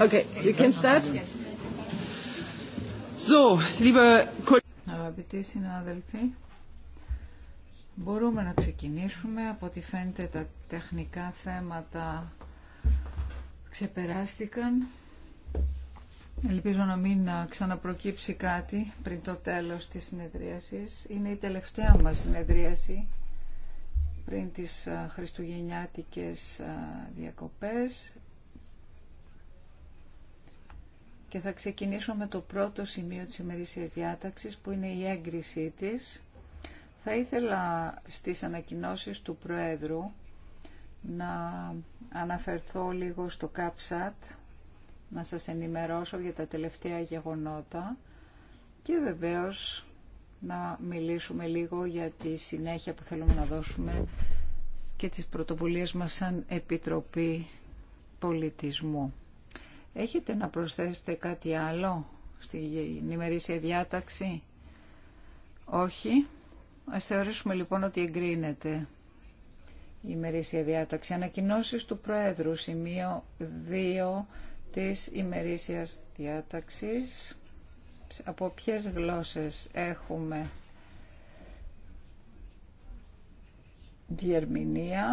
okay, you can start. Αγαπητοί συνάδελφοι, μπορούμε να ξεκινήσουμε. Από ό,τι φαίνεται τα τεχνικά θέματα ξεπεράστηκαν. Ελπίζω να μην ξαναπροκύψει κάτι πριν το τέλος της συνεδρίασης. Είναι η τελευταία μας συνεδρίαση πριν τις χριστουγεννιάτικες διακοπές. και θα ξεκινήσω με το πρώτο σημείο της ημερήσιας διάταξης που είναι η έγκρισή της. Θα ήθελα στις ανακοινώσεις του Προέδρου να αναφερθώ λίγο στο ΚΑΠΣΑΤ, να σας ενημερώσω για τα τελευταία γεγονότα και βεβαίως να μιλήσουμε λίγο για τη συνέχεια που θέλουμε να δώσουμε και τις πρωτοβουλίες μας σαν Επιτροπή Πολιτισμού. Έχετε να προσθέσετε κάτι άλλο στην ημερήσια διάταξη. Όχι. Ας θεωρήσουμε λοιπόν ότι εγκρίνεται η ημερήσια διάταξη. Ανακοινώσεις του Προέδρου, σημείο 2 της ημερήσιας διάταξης. Από ποιες γλώσσες έχουμε διερμηνία.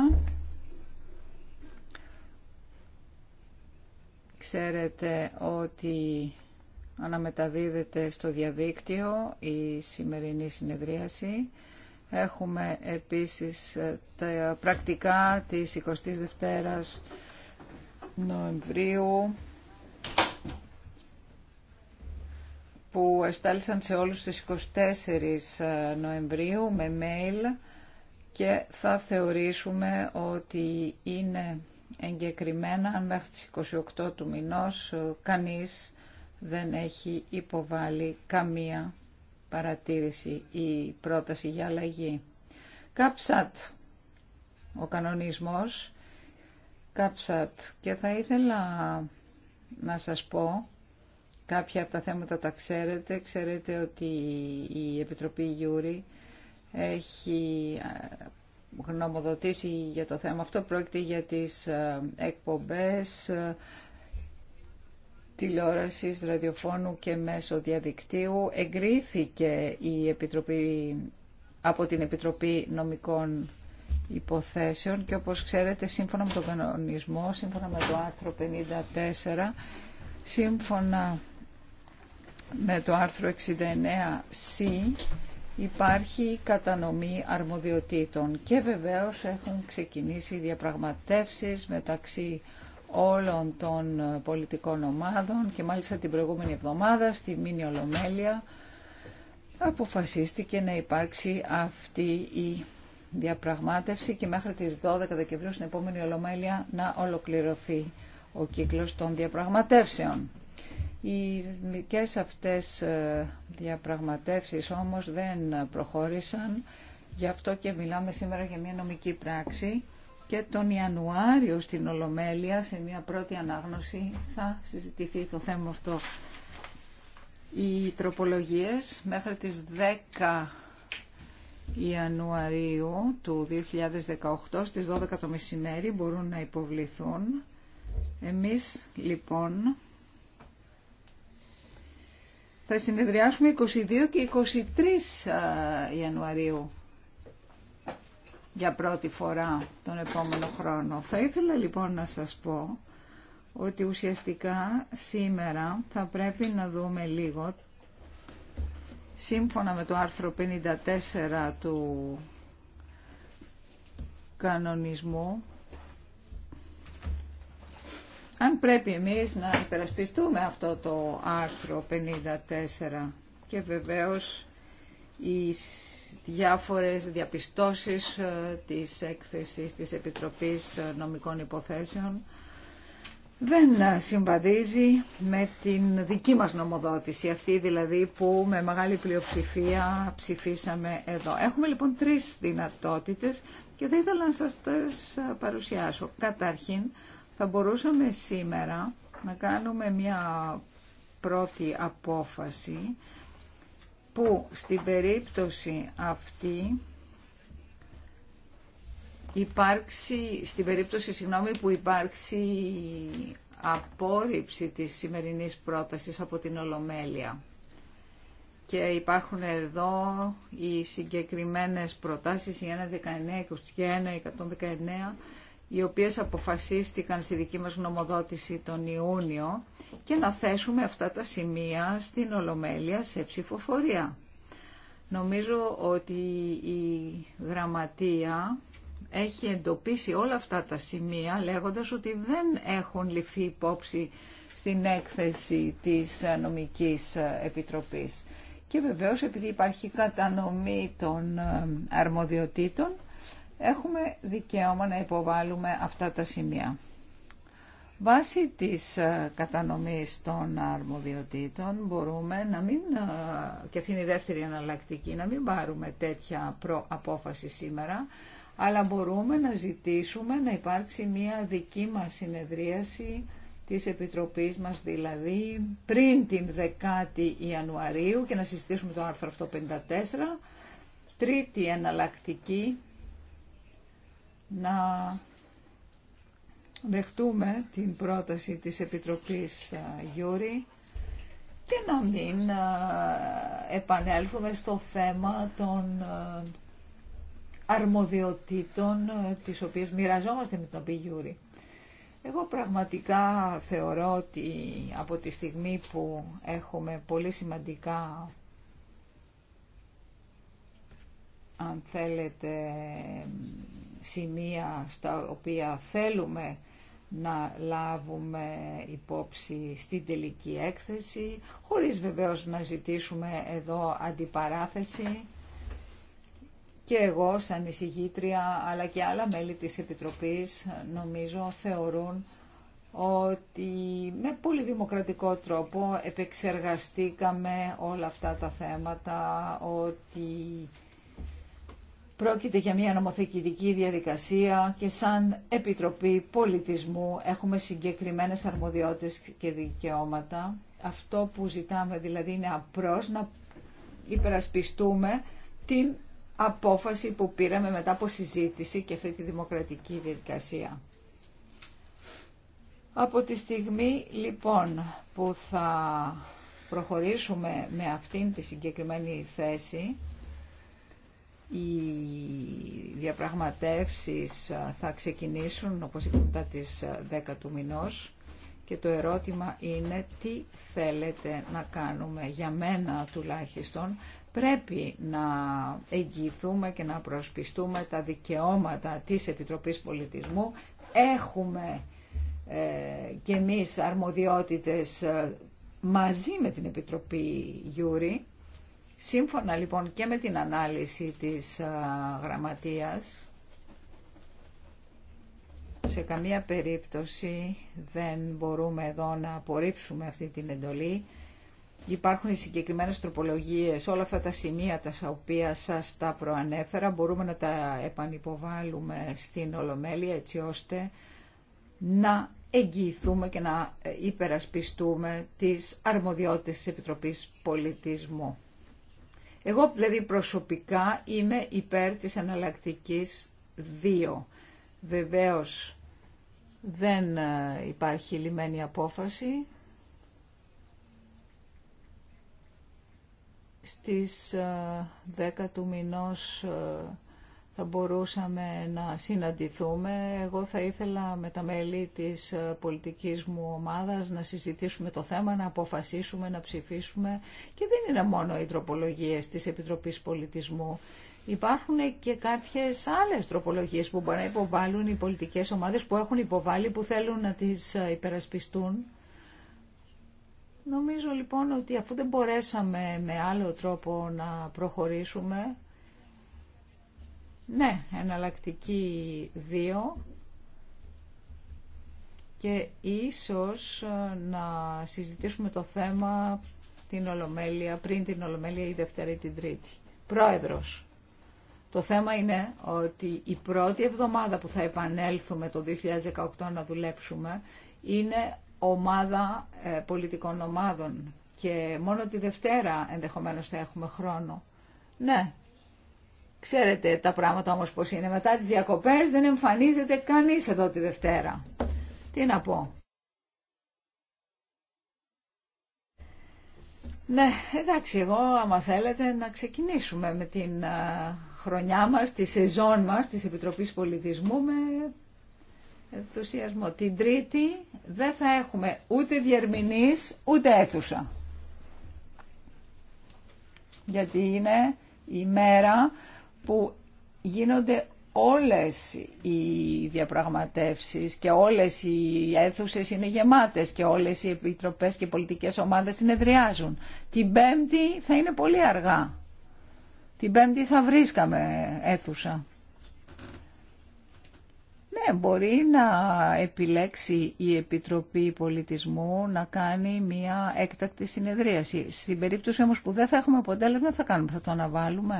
Ξέρετε ότι αναμεταδίδεται στο διαδίκτυο η σημερινή συνεδρίαση. Έχουμε επίσης ε, τα πρακτικά της 22ης Νοεμβρίου που εστάλησαν σε όλους τις 24 ε, Νοεμβρίου με mail και θα θεωρήσουμε ότι είναι εγκεκριμένα αν μέχρι τις 28 του μηνός κανείς δεν έχει υποβάλει καμία παρατήρηση ή πρόταση για αλλαγή. Κάψατ ο κανονισμός, κάψατ και θα ήθελα να σας πω κάποια από τα θέματα τα ξέρετε, ξέρετε ότι η Επιτροπή Γιούρη έχει γνωμοδοτήσει για το θέμα αυτό. Πρόκειται για τις ε, εκπομπές ε, τηλεόρασης, ραδιοφώνου και μέσω διαδικτύου. Εγκρίθηκε η Επιτροπή, από την Επιτροπή Νομικών Υποθέσεων και όπως ξέρετε σύμφωνα με τον κανονισμό, σύμφωνα με το άρθρο 54, σύμφωνα με το άρθρο 69C υπάρχει κατανομή αρμοδιοτήτων και βεβαίως έχουν ξεκινήσει διαπραγματεύσεις μεταξύ όλων των πολιτικών ομάδων και μάλιστα την προηγούμενη εβδομάδα στη Μήνη Ολομέλεια αποφασίστηκε να υπάρξει αυτή η διαπραγμάτευση και μέχρι τις 12 Δεκεμβρίου στην επόμενη Ολομέλεια να ολοκληρωθεί ο κύκλος των διαπραγματεύσεων. Οι ειρηνικέ αυτές ε, διαπραγματεύσεις όμως δεν προχώρησαν, γι' αυτό και μιλάμε σήμερα για μια νομική πράξη και τον Ιανουάριο στην Ολομέλεια σε μια πρώτη ανάγνωση θα συζητηθεί το θέμα αυτό. Οι τροπολογίες μέχρι τις 10 Ιανουαρίου του 2018 στις 12 το μεσημέρι μπορούν να υποβληθούν. Εμείς λοιπόν θα συνεδριάσουμε 22 και 23 Ιανουαρίου για πρώτη φορά τον επόμενο χρόνο. Θα ήθελα λοιπόν να σας πω ότι ουσιαστικά σήμερα θα πρέπει να δούμε λίγο σύμφωνα με το άρθρο 54 του κανονισμού αν πρέπει εμείς να υπερασπιστούμε αυτό το άρθρο 54 και βεβαίως οι διάφορες διαπιστώσεις ε, της έκθεσης της Επιτροπής ε, Νομικών Υποθέσεων δεν ε, συμβαδίζει με την δική μας νομοδότηση, αυτή δηλαδή που με μεγάλη πλειοψηφία ψηφίσαμε εδώ. Έχουμε λοιπόν τρεις δυνατότητες και θα ήθελα να σας τις παρουσιάσω. Καταρχήν, θα μπορούσαμε σήμερα να κάνουμε μια πρώτη απόφαση που στην περίπτωση αυτή υπάρξει, στην περίπτωση συγγνώμη, που υπάρξει απόρριψη της σημερινής πρότασης από την Ολομέλεια. Και υπάρχουν εδώ οι συγκεκριμένες προτάσεις, η 1.19, 21, 119, οι οποίες αποφασίστηκαν στη δική μας γνωμοδότηση τον Ιούνιο και να θέσουμε αυτά τα σημεία στην Ολομέλεια σε ψηφοφορία. Νομίζω ότι η Γραμματεία έχει εντοπίσει όλα αυτά τα σημεία λέγοντας ότι δεν έχουν ληφθεί υπόψη στην έκθεση της νομικής επιτροπής. Και βεβαίως επειδή υπάρχει κατανομή των αρμοδιοτήτων, έχουμε δικαίωμα να υποβάλουμε αυτά τα σημεία. Βάσει της ε, κατανομής των αρμοδιοτήτων μπορούμε να μην, ε, και αυτή είναι η δεύτερη εναλλακτική, να μην πάρουμε τέτοια προαπόφαση σήμερα, αλλά μπορούμε να ζητήσουμε να υπάρξει μια δική μας συνεδρίαση της Επιτροπής μας, δηλαδή πριν την 10η Ιανουαρίου και να συζητήσουμε το άρθρο αυτό 54, τρίτη εναλλακτική να δεχτούμε την πρόταση της Επιτροπής Γιούρη και να μην επανέλθουμε στο θέμα των αρμοδιοτήτων τις οποίες μοιραζόμαστε με τον Πηγιούρη. Εγώ πραγματικά θεωρώ ότι από τη στιγμή που έχουμε πολύ σημαντικά αν θέλετε σημεία στα οποία θέλουμε να λάβουμε υπόψη στην τελική έκθεση, χωρίς βεβαίως να ζητήσουμε εδώ αντιπαράθεση. Και εγώ σαν εισηγήτρια, αλλά και άλλα μέλη της Επιτροπής, νομίζω θεωρούν ότι με πολύ δημοκρατικό τρόπο επεξεργαστήκαμε όλα αυτά τα θέματα, ότι Πρόκειται για μια νομοθετική διαδικασία και σαν Επιτροπή Πολιτισμού έχουμε συγκεκριμένες αρμοδιότητες και δικαιώματα. Αυτό που ζητάμε δηλαδή είναι απρός να υπερασπιστούμε την απόφαση που πήραμε μετά από συζήτηση και αυτή τη δημοκρατική διαδικασία. Από τη στιγμή λοιπόν που θα προχωρήσουμε με αυτήν τη συγκεκριμένη θέση, οι διαπραγματεύσεις θα ξεκινήσουν, όπως είπαμε μετά τις 10 του μηνός και το ερώτημα είναι τι θέλετε να κάνουμε για μένα τουλάχιστον. Πρέπει να εγγυηθούμε και να προσπιστούμε τα δικαιώματα της Επιτροπής Πολιτισμού. Έχουμε ε, και εμείς αρμοδιότητες ε, μαζί με την Επιτροπή Γιούρη Σύμφωνα λοιπόν και με την ανάλυση της γραμματείας, σε καμία περίπτωση δεν μπορούμε εδώ να απορρίψουμε αυτή την εντολή. Υπάρχουν οι συγκεκριμένες τροπολογίες, όλα αυτά τα σημεία τα οποία σας τα προανέφερα, μπορούμε να τα επανυποβάλουμε στην Ολομέλεια έτσι ώστε να εγγυηθούμε και να ε, υπερασπιστούμε τις αρμοδιότητες της Επιτροπής Πολιτισμού. Εγώ δηλαδή προσωπικά είμαι υπέρ της εναλλακτική 2. Βεβαίως δεν ε, υπάρχει λιμένη απόφαση. Στις 10 ε, του μηνός ε, θα μπορούσαμε να συναντηθούμε. Εγώ θα ήθελα με τα μέλη της ε, πολιτικής μου ομάδας να συζητήσουμε το θέμα, να αποφασίσουμε, να ψηφίσουμε. Και δεν είναι μόνο οι τροπολογίες της Επιτροπής Πολιτισμού. Υπάρχουν και κάποιες άλλες τροπολογίες που μπορεί να υποβάλουν οι πολιτικές ομάδες που έχουν υποβάλει, που θέλουν να τις ε, υπερασπιστούν. Νομίζω λοιπόν ότι αφού δεν μπορέσαμε με άλλο τρόπο να προχωρήσουμε, ναι, εναλλακτική 2 και ίσως ε, να συζητήσουμε το θέμα την Ολομέλεια, πριν την Ολομέλεια η Δευτέρα ή την Τρίτη. Πρόεδρος. Το θέμα είναι ότι η πρώτη εβδομάδα που θα επανέλθουμε το 2018 να δουλέψουμε είναι ομάδα ε, πολιτικών ομάδων και μόνο τη Δευτέρα ενδεχομένως θα έχουμε χρόνο. Ναι, Ξέρετε τα πράγματα όμως πώς είναι. Μετά τις διακοπές δεν εμφανίζεται κανείς εδώ τη Δευτέρα. Τι να πω. Ναι, εντάξει, εγώ άμα θέλετε να ξεκινήσουμε με την χρονιά μας, τη σεζόν μας, της Επιτροπής Πολιτισμού με ενθουσιασμό. Την Τρίτη δεν θα έχουμε ούτε διερμηνής ούτε αίθουσα. Γιατί είναι η μέρα που γίνονται όλες οι διαπραγματεύσεις και όλες οι αίθουσε είναι γεμάτες και όλες οι επιτροπές και οι πολιτικές ομάδες συνεδριάζουν. Την Πέμπτη θα είναι πολύ αργά. Την Πέμπτη θα βρίσκαμε αίθουσα. Ναι, μπορεί να επιλέξει η Επιτροπή Πολιτισμού να κάνει μια έκτακτη συνεδρίαση. Στην περίπτωση όμως που δεν θα έχουμε αποτέλεσμα, θα κάνουμε, θα το αναβάλουμε.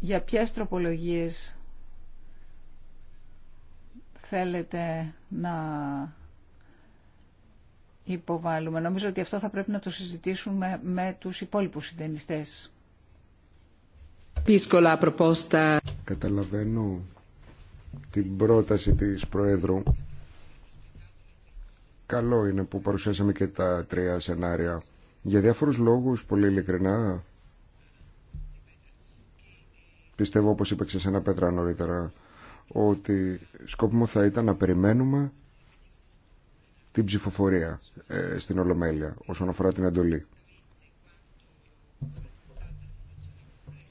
Για ποιες τροπολογίες θέλετε να υποβάλουμε. Νομίζω ότι αυτό θα πρέπει να το συζητήσουμε με τους υπόλοιπους συντενιστές. Καταλαβαίνω την πρόταση της Προέδρου Καλό είναι που παρουσιάσαμε και τα τρία σενάρια. Για διάφορους λόγους, πολύ ειλικρινά, πιστεύω όπως είπε σε ένα πέτρα νωρίτερα, ότι σκόπιμο θα ήταν να περιμένουμε την ψηφοφορία ε, στην Ολομέλεια όσον αφορά την εντολή.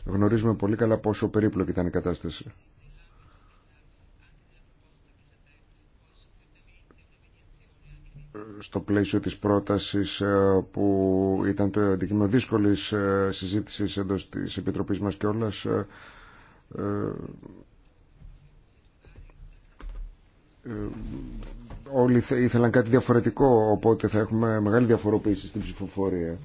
Γνωρίζουμε πολύ καλά πόσο περίπλοκη ήταν η κατάσταση. στο πλαίσιο της πρότασης ε, που ήταν το αντικείμενο δύσκολης ε, συζήτησης εντός της Επιτροπής μας και όλας ε, όλοι ήθελαν κάτι διαφορετικό οπότε θα έχουμε μεγάλη διαφοροποίηση στην ψηφοφορία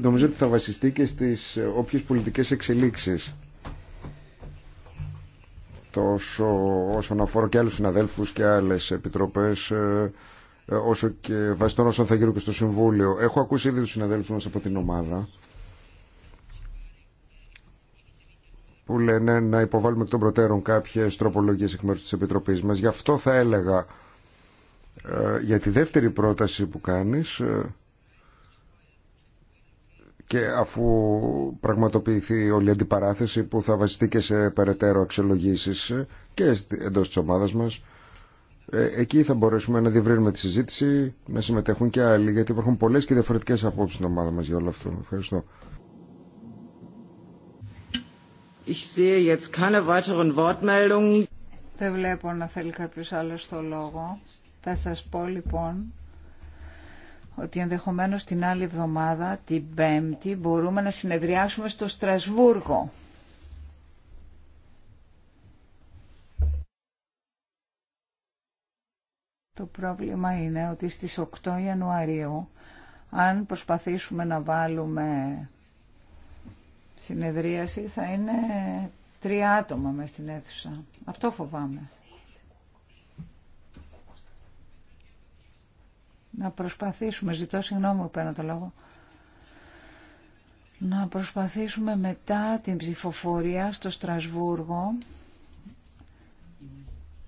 νομίζω ότι θα βασιστεί και στις όποιες πολιτικές εξελίξεις τόσο όσον αφορά και άλλους συναδέλφους και άλλες επιτροπές ε, ε, όσο και βάσει όσο όσων θα γίνουν και στο Συμβούλιο. Έχω ακούσει ήδη τους συναδέλφους μας από την ομάδα που λένε να υποβάλουμε εκ των προτέρων κάποιες τροπολογίες εκ μέρους της Επιτροπής μας. Γι' αυτό θα έλεγα ε, για τη δεύτερη πρόταση που κάνεις και αφού πραγματοποιηθεί όλη η αντιπαράθεση που θα βασιστεί και σε περαιτέρω αξιολογήσεις και εντός της ομάδας μας ε, εκεί θα μπορέσουμε να διευρύνουμε τη συζήτηση να συμμετέχουν και άλλοι γιατί υπάρχουν πολλές και διαφορετικές απόψεις στην ομάδα μας για όλο αυτό. Ευχαριστώ. Ich sehe jetzt keine weiteren Wortmeldungen. Δεν βλέπω να θέλει κάποιος άλλος το λόγο. Θα σας πω λοιπόν ότι ενδεχομένως την άλλη εβδομάδα, την Πέμπτη, μπορούμε να συνεδριάσουμε στο Στρασβούργο. Το πρόβλημα είναι ότι στις 8 Ιανουαρίου, αν προσπαθήσουμε να βάλουμε συνεδρίαση, θα είναι τρία άτομα μες στην αίθουσα. Αυτό φοβάμαι. να προσπαθήσουμε, ζητώ συγγνώμη που το λόγο, να προσπαθήσουμε μετά την ψηφοφορία στο Στρασβούργο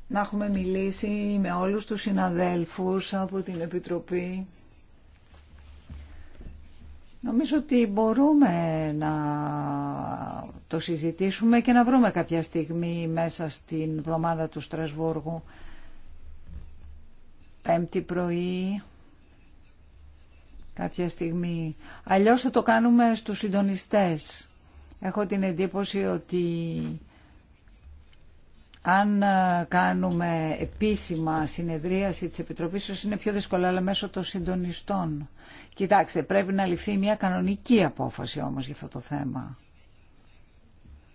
να έχουμε μιλήσει με όλους τους συναδέλφους από την Επιτροπή. Νομίζω ότι μπορούμε να το συζητήσουμε και να βρούμε κάποια στιγμή μέσα στην εβδομάδα του Στρασβούργου. Πέμπτη πρωί κάποια στιγμή. Αλλιώς θα το κάνουμε στους συντονιστές. Έχω την εντύπωση ότι αν ε, κάνουμε επίσημα συνεδρίαση της Επιτροπής, ίσως είναι πιο δύσκολο, αλλά μέσω των συντονιστών. Κοιτάξτε, πρέπει να ληφθεί μια κανονική απόφαση όμως για αυτό το θέμα.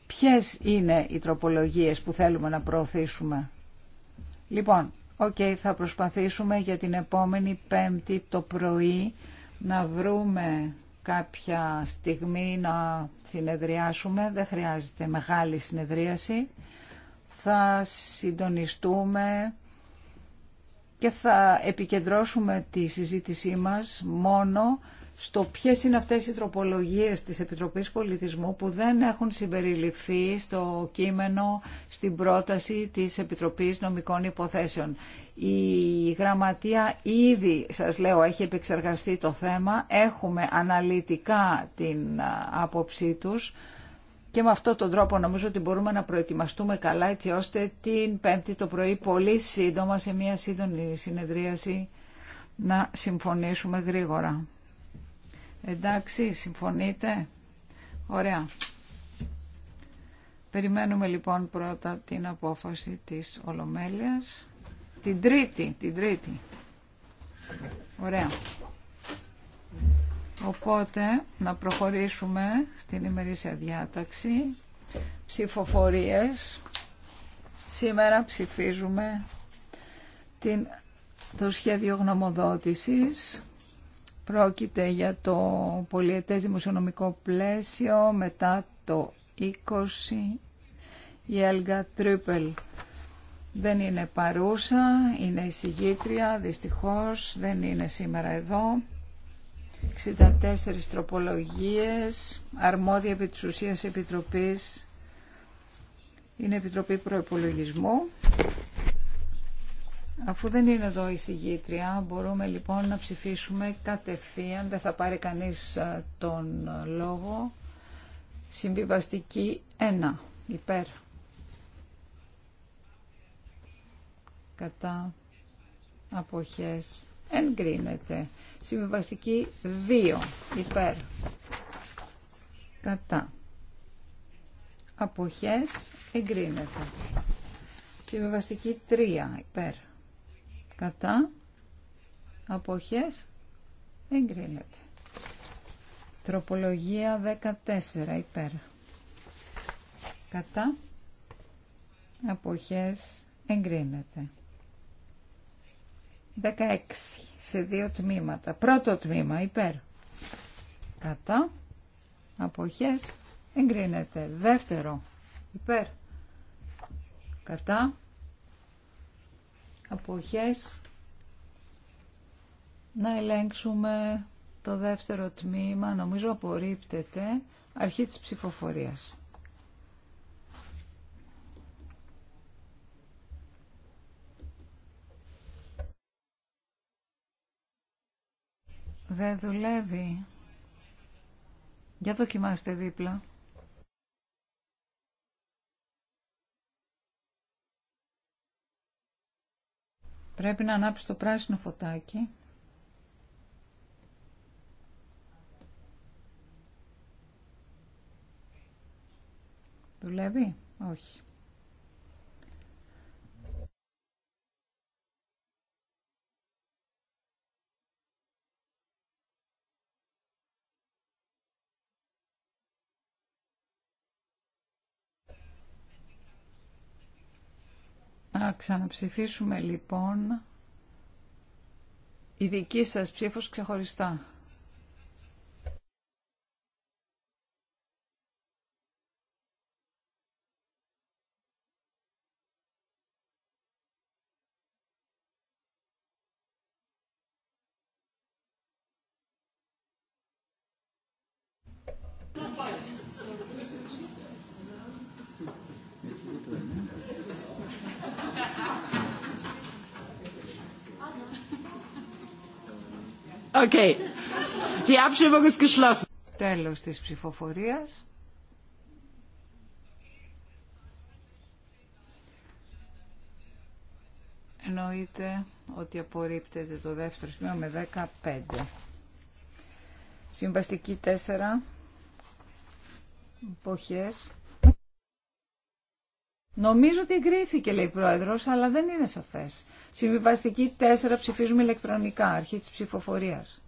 Ποιες είναι οι τροπολογίες που θέλουμε να προωθήσουμε. Λοιπόν, οκ, θα προσπαθήσουμε για την επόμενη πέμπτη το πρωί να βρούμε κάποια στιγμή να συνεδριάσουμε. Δεν χρειάζεται μεγάλη συνεδρίαση. Θα συντονιστούμε και θα επικεντρώσουμε τη συζήτησή μας μόνο στο ποιε είναι αυτές οι τροπολογίες τη επιτροπή Πολιτισμού που δεν έχουν συμπεριληφθεί στο κείμενο στην πρόταση της Επιτροπής Νομικών Υποθέσεων. Η Γραμματεία ήδη, σα λέω, έχει επεξεργαστεί το θέμα. Έχουμε αναλυτικά την άποψή του Και με αυτόν τον τρόπο νομίζω ότι μπορούμε να προετοιμαστούμε καλά έτσι ώστε την Πέμπτη το πρωί πολύ σύντομα σε μια σύντομη συνεδρίαση να συμφωνήσουμε γρήγορα. Εντάξει, συμφωνείτε. Ωραία. Περιμένουμε λοιπόν πρώτα την απόφαση της Ολομέλειας. Την τρίτη, την τρίτη. Ωραία. Οπότε να προχωρήσουμε στην ημερήσια διάταξη. Ψηφοφορίες. Σήμερα ψηφίζουμε την, το σχέδιο γνωμοδότησης Πρόκειται για το πολιετές δημοσιονομικό πλαίσιο μετά το 20 η Έλγα Τρίπελ. Δεν είναι παρούσα, είναι εισηγήτρια, δυστυχώς δεν είναι σήμερα εδώ. 64 τροπολογίες, αρμόδια επί της ουσίας επιτροπής, είναι Επιτροπή Προϋπολογισμού. Αφού δεν είναι εδώ η συγγήτρια, μπορούμε λοιπόν να ψηφίσουμε κατευθείαν, δεν θα πάρει κανείς τον λόγο. Συμβιβαστική 1, υπέρ. Κατά αποχές εγκρίνεται. Συμβιβαστική 2, υπέρ. Κατά αποχές εγκρίνεται. Συμβιβαστική 3, υπέρ κατά αποχές εγκρίνεται. Τροπολογία 14 υπέρ. Κατά αποχές εγκρίνεται. 16 σε δύο τμήματα. Πρώτο τμήμα υπέρ. Κατά αποχές εγκρίνεται. Δεύτερο υπέρ. Κατά αποχές να ελέγξουμε το δεύτερο τμήμα, νομίζω απορρίπτεται, αρχή της ψηφοφορίας. Δεν δουλεύει. Για δοκιμάστε δίπλα. Πρέπει να ανάψει το πράσινο φωτάκι. Δουλεύει? Όχι. Να ξαναψηφίσουμε λοιπόν η δική σας ψήφος ξεχωριστά. Okay. Die Abstimmung ist geschlossen. Τέλος της ψηφοφορίας. Εννοείται ότι απορρίπτεται το δεύτερο σημείο με 15. Συμβαστική 4. Εποχές. Νομίζω ότι εγκρίθηκε, λέει η Πρόεδρο, αλλά δεν είναι σαφές. Συμβιβαστική 4 ψηφίζουμε ηλεκτρονικά, αρχή της ψηφοφορίας.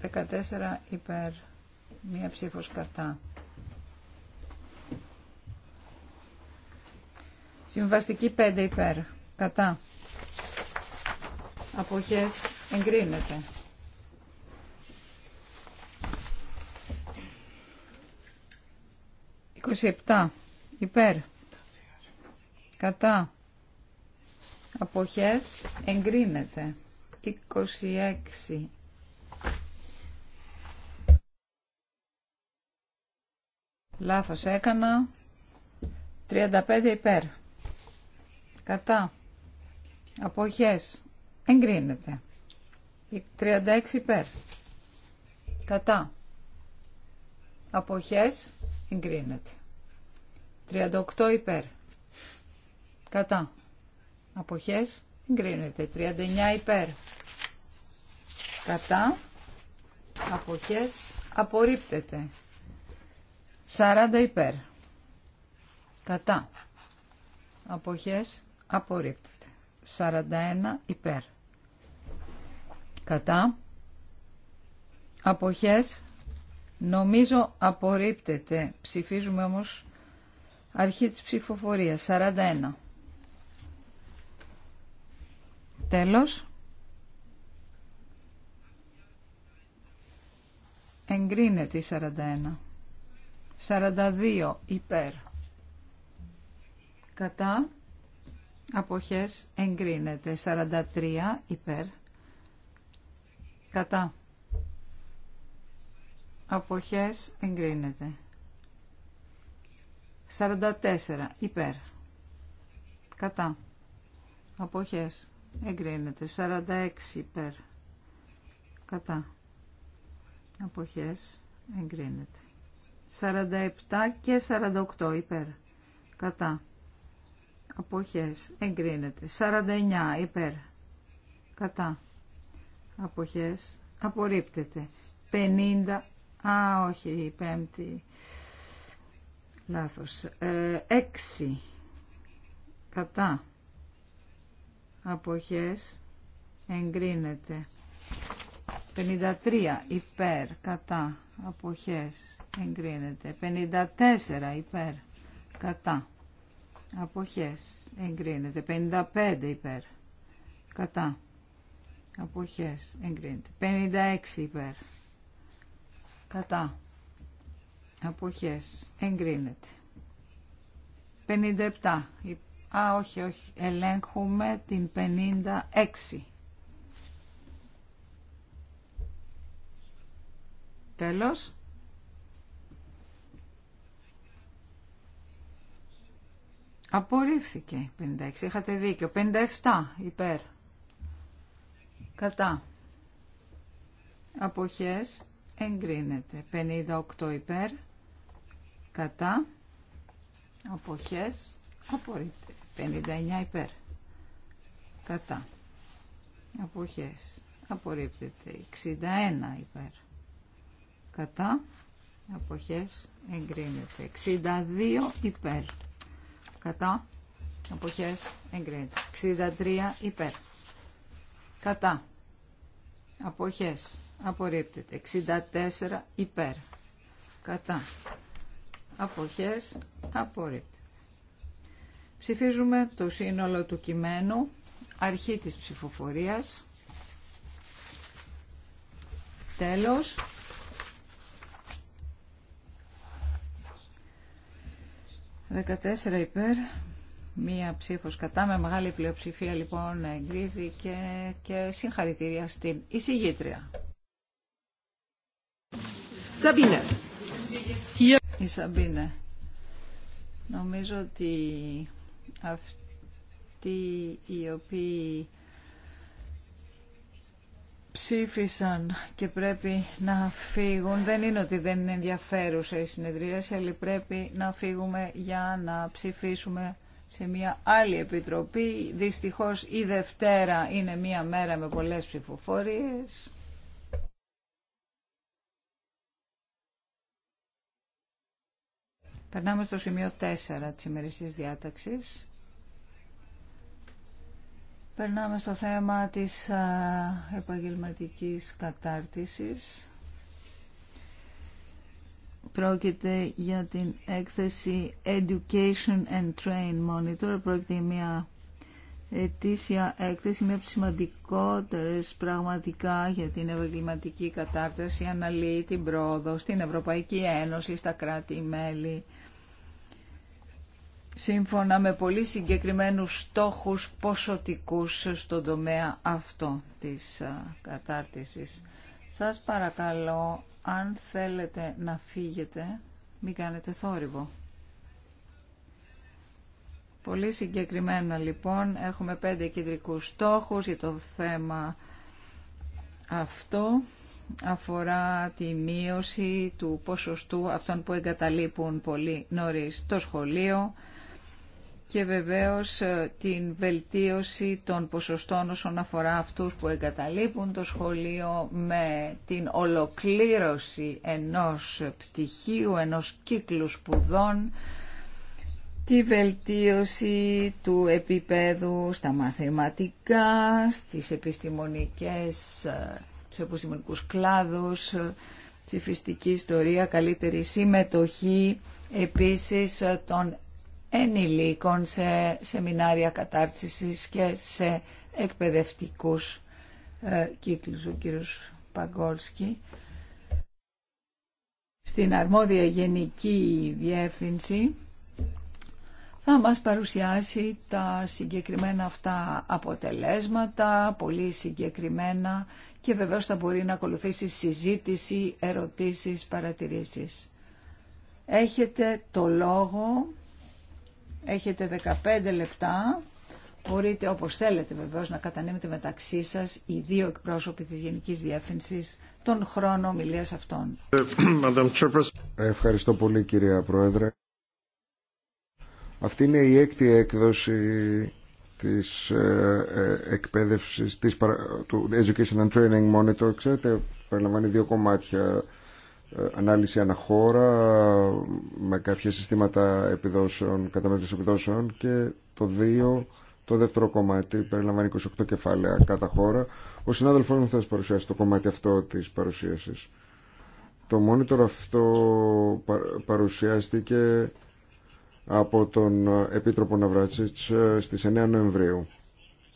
14 υπέρ, μία ψήφος κατά. Συμβαστική 5 υπέρ, κατά αποχές εγκρίνεται. 27 υπέρ κατά αποχές εγκρίνεται. 26 Λάθος έκανα. 35 υπέρ. Κατά. Αποχές. Εγκρίνεται. 36 υπέρ. Κατά. Αποχές. Εγκρίνεται. 38 υπέρ. Κατά. Αποχές. Εγκρίνεται. 39 υπέρ. Κατά. Αποχές. Απορρίπτεται. 40 υπέρ. Κατά. Αποχές. Απορρίπτεται. 41 υπέρ κατά αποχές νομίζω απορρίπτεται ψηφίζουμε όμως αρχή της ψηφοφορίας 41 τέλος εγκρίνεται η 41 42 υπέρ κατά αποχές εγκρίνεται 43 υπέρ Κατά. Αποχές εγκρίνεται. 44. Υπέρ. Κατά. Αποχές. Εγκρίνεται. 46. Υπέρ. Κατά. Αποχές. Εγκρίνεται. 47 και 48. Υπέρ. Κατά. Αποχές. Εγκρίνεται. 49. Υπέρ. Κατά αποχές απορρίπτεται. 50, α όχι η πέμπτη, λάθος, ε, 6 κατά αποχές εγκρίνεται. 53 υπέρ κατά αποχές εγκρίνεται. 54 υπέρ κατά αποχές εγκρίνεται. 55 υπέρ κατά Αποχές. Εγκρίνεται. 56 υπέρ. Κατά. Αποχές. Εγκρίνεται. 57. Α, όχι, όχι. Ελέγχουμε την 56. Τέλος. Απορρίφθηκε 56. Είχατε δίκιο. 57 υπέρ κατά αποχές εγκρίνεται 58 υπέρ κατά αποχές απορρίπτεται 59 υπέρ κατά αποχές απορρίπτεται 61 υπέρ κατά αποχές εγκρίνεται 62 υπέρ κατά αποχές εγκρίνεται 63 υπέρ κατά αποχές απορρίπτεται 64 υπέρ κατά αποχές απορρίπτεται ψηφίζουμε το σύνολο του κειμένου αρχή της ψηφοφορίας τέλος Δεκατέσσερα υπέρ, Μία ψήφος κατά με μεγάλη πλειοψηφία λοιπόν εγκρίθηκε και συγχαρητήρια στην εισηγήτρια. Σαμπίνε. Η Σαμπίνε. Νομίζω ότι αυτοί οι οποίοι ψήφισαν και πρέπει να φύγουν. Δεν είναι ότι δεν είναι ενδιαφέρουσα η συνεδρίαση, αλλά πρέπει να φύγουμε για να ψηφίσουμε σε μια άλλη επιτροπή. Δυστυχώς η Δευτέρα είναι μια μέρα με πολλές ψηφοφορίες. Περνάμε στο σημείο 4 της ημερησίας διάταξης. Περνάμε στο θέμα της επαγγελματικής κατάρτισης. Πρόκειται για την έκθεση Education and Train Monitor. Πρόκειται για μια ετήσια έκθεση, μια από τις πραγματικά για την ευαγγελματική κατάρτιση. Αναλύει την πρόοδο στην Ευρωπαϊκή Ένωση, στα κράτη-μέλη. Σύμφωνα με πολύ συγκεκριμένους στόχους ποσοτικούς στον τομέα αυτό της κατάρτισης. Σας παρακαλώ αν θέλετε να φύγετε, μην κάνετε θόρυβο. Πολύ συγκεκριμένα λοιπόν έχουμε πέντε κεντρικούς στόχους για το θέμα αυτό αφορά τη μείωση του ποσοστού αυτών που εγκαταλείπουν πολύ νωρίς το σχολείο, και βεβαίως ε, την βελτίωση των ποσοστών όσον αφορά αυτούς που εγκαταλείπουν το σχολείο με την ολοκλήρωση ενός πτυχίου, ενός κύκλου σπουδών, τη βελτίωση του επίπεδου στα μαθηματικά, στις επιστημονικές, ε, στους επιστημονικούς κλάδους, ε, ψηφιστική ιστορία, καλύτερη συμμετοχή επίσης των ενηλίκων σε σεμινάρια κατάρτισης και σε εκπαιδευτικούς ε, κύκλους. Ο κύριος Παγκόλσκι στην αρμόδια γενική διεύθυνση θα μας παρουσιάσει τα συγκεκριμένα αυτά αποτελέσματα, πολύ συγκεκριμένα και βεβαίως θα μπορεί να ακολουθήσει συζήτηση, ερωτήσεις, παρατηρήσεις. Έχετε το λόγο Έχετε 15 λεπτά. Μπορείτε όπως θέλετε βεβαίως να κατανέμετε μεταξύ σας οι δύο εκπρόσωποι της Γενικής Διεύθυνσης τον χρόνο ομιλίας αυτών. Ευχαριστώ πολύ κυρία Πρόεδρε. Αυτή είναι η έκτη έκδοση της ε, ε, εκπαίδευσης της, του Education and Training Monitor. Ξέρετε, περιλαμβάνει δύο κομμάτια ε, ανάλυση αναχώρα με κάποια συστήματα επιδόσεων, καταμέτρηση επιδόσεων και το δύο, το δεύτερο κομμάτι περιλαμβάνει 28 κεφάλαια κατά χώρα. Ο συνάδελφός μου θα σα παρουσιάσει το κομμάτι αυτό της παρουσίασης. Το monitor αυτό παρουσιάστηκε από τον Επίτροπο Ναυράτσιτς ε, στις 9 Νοεμβρίου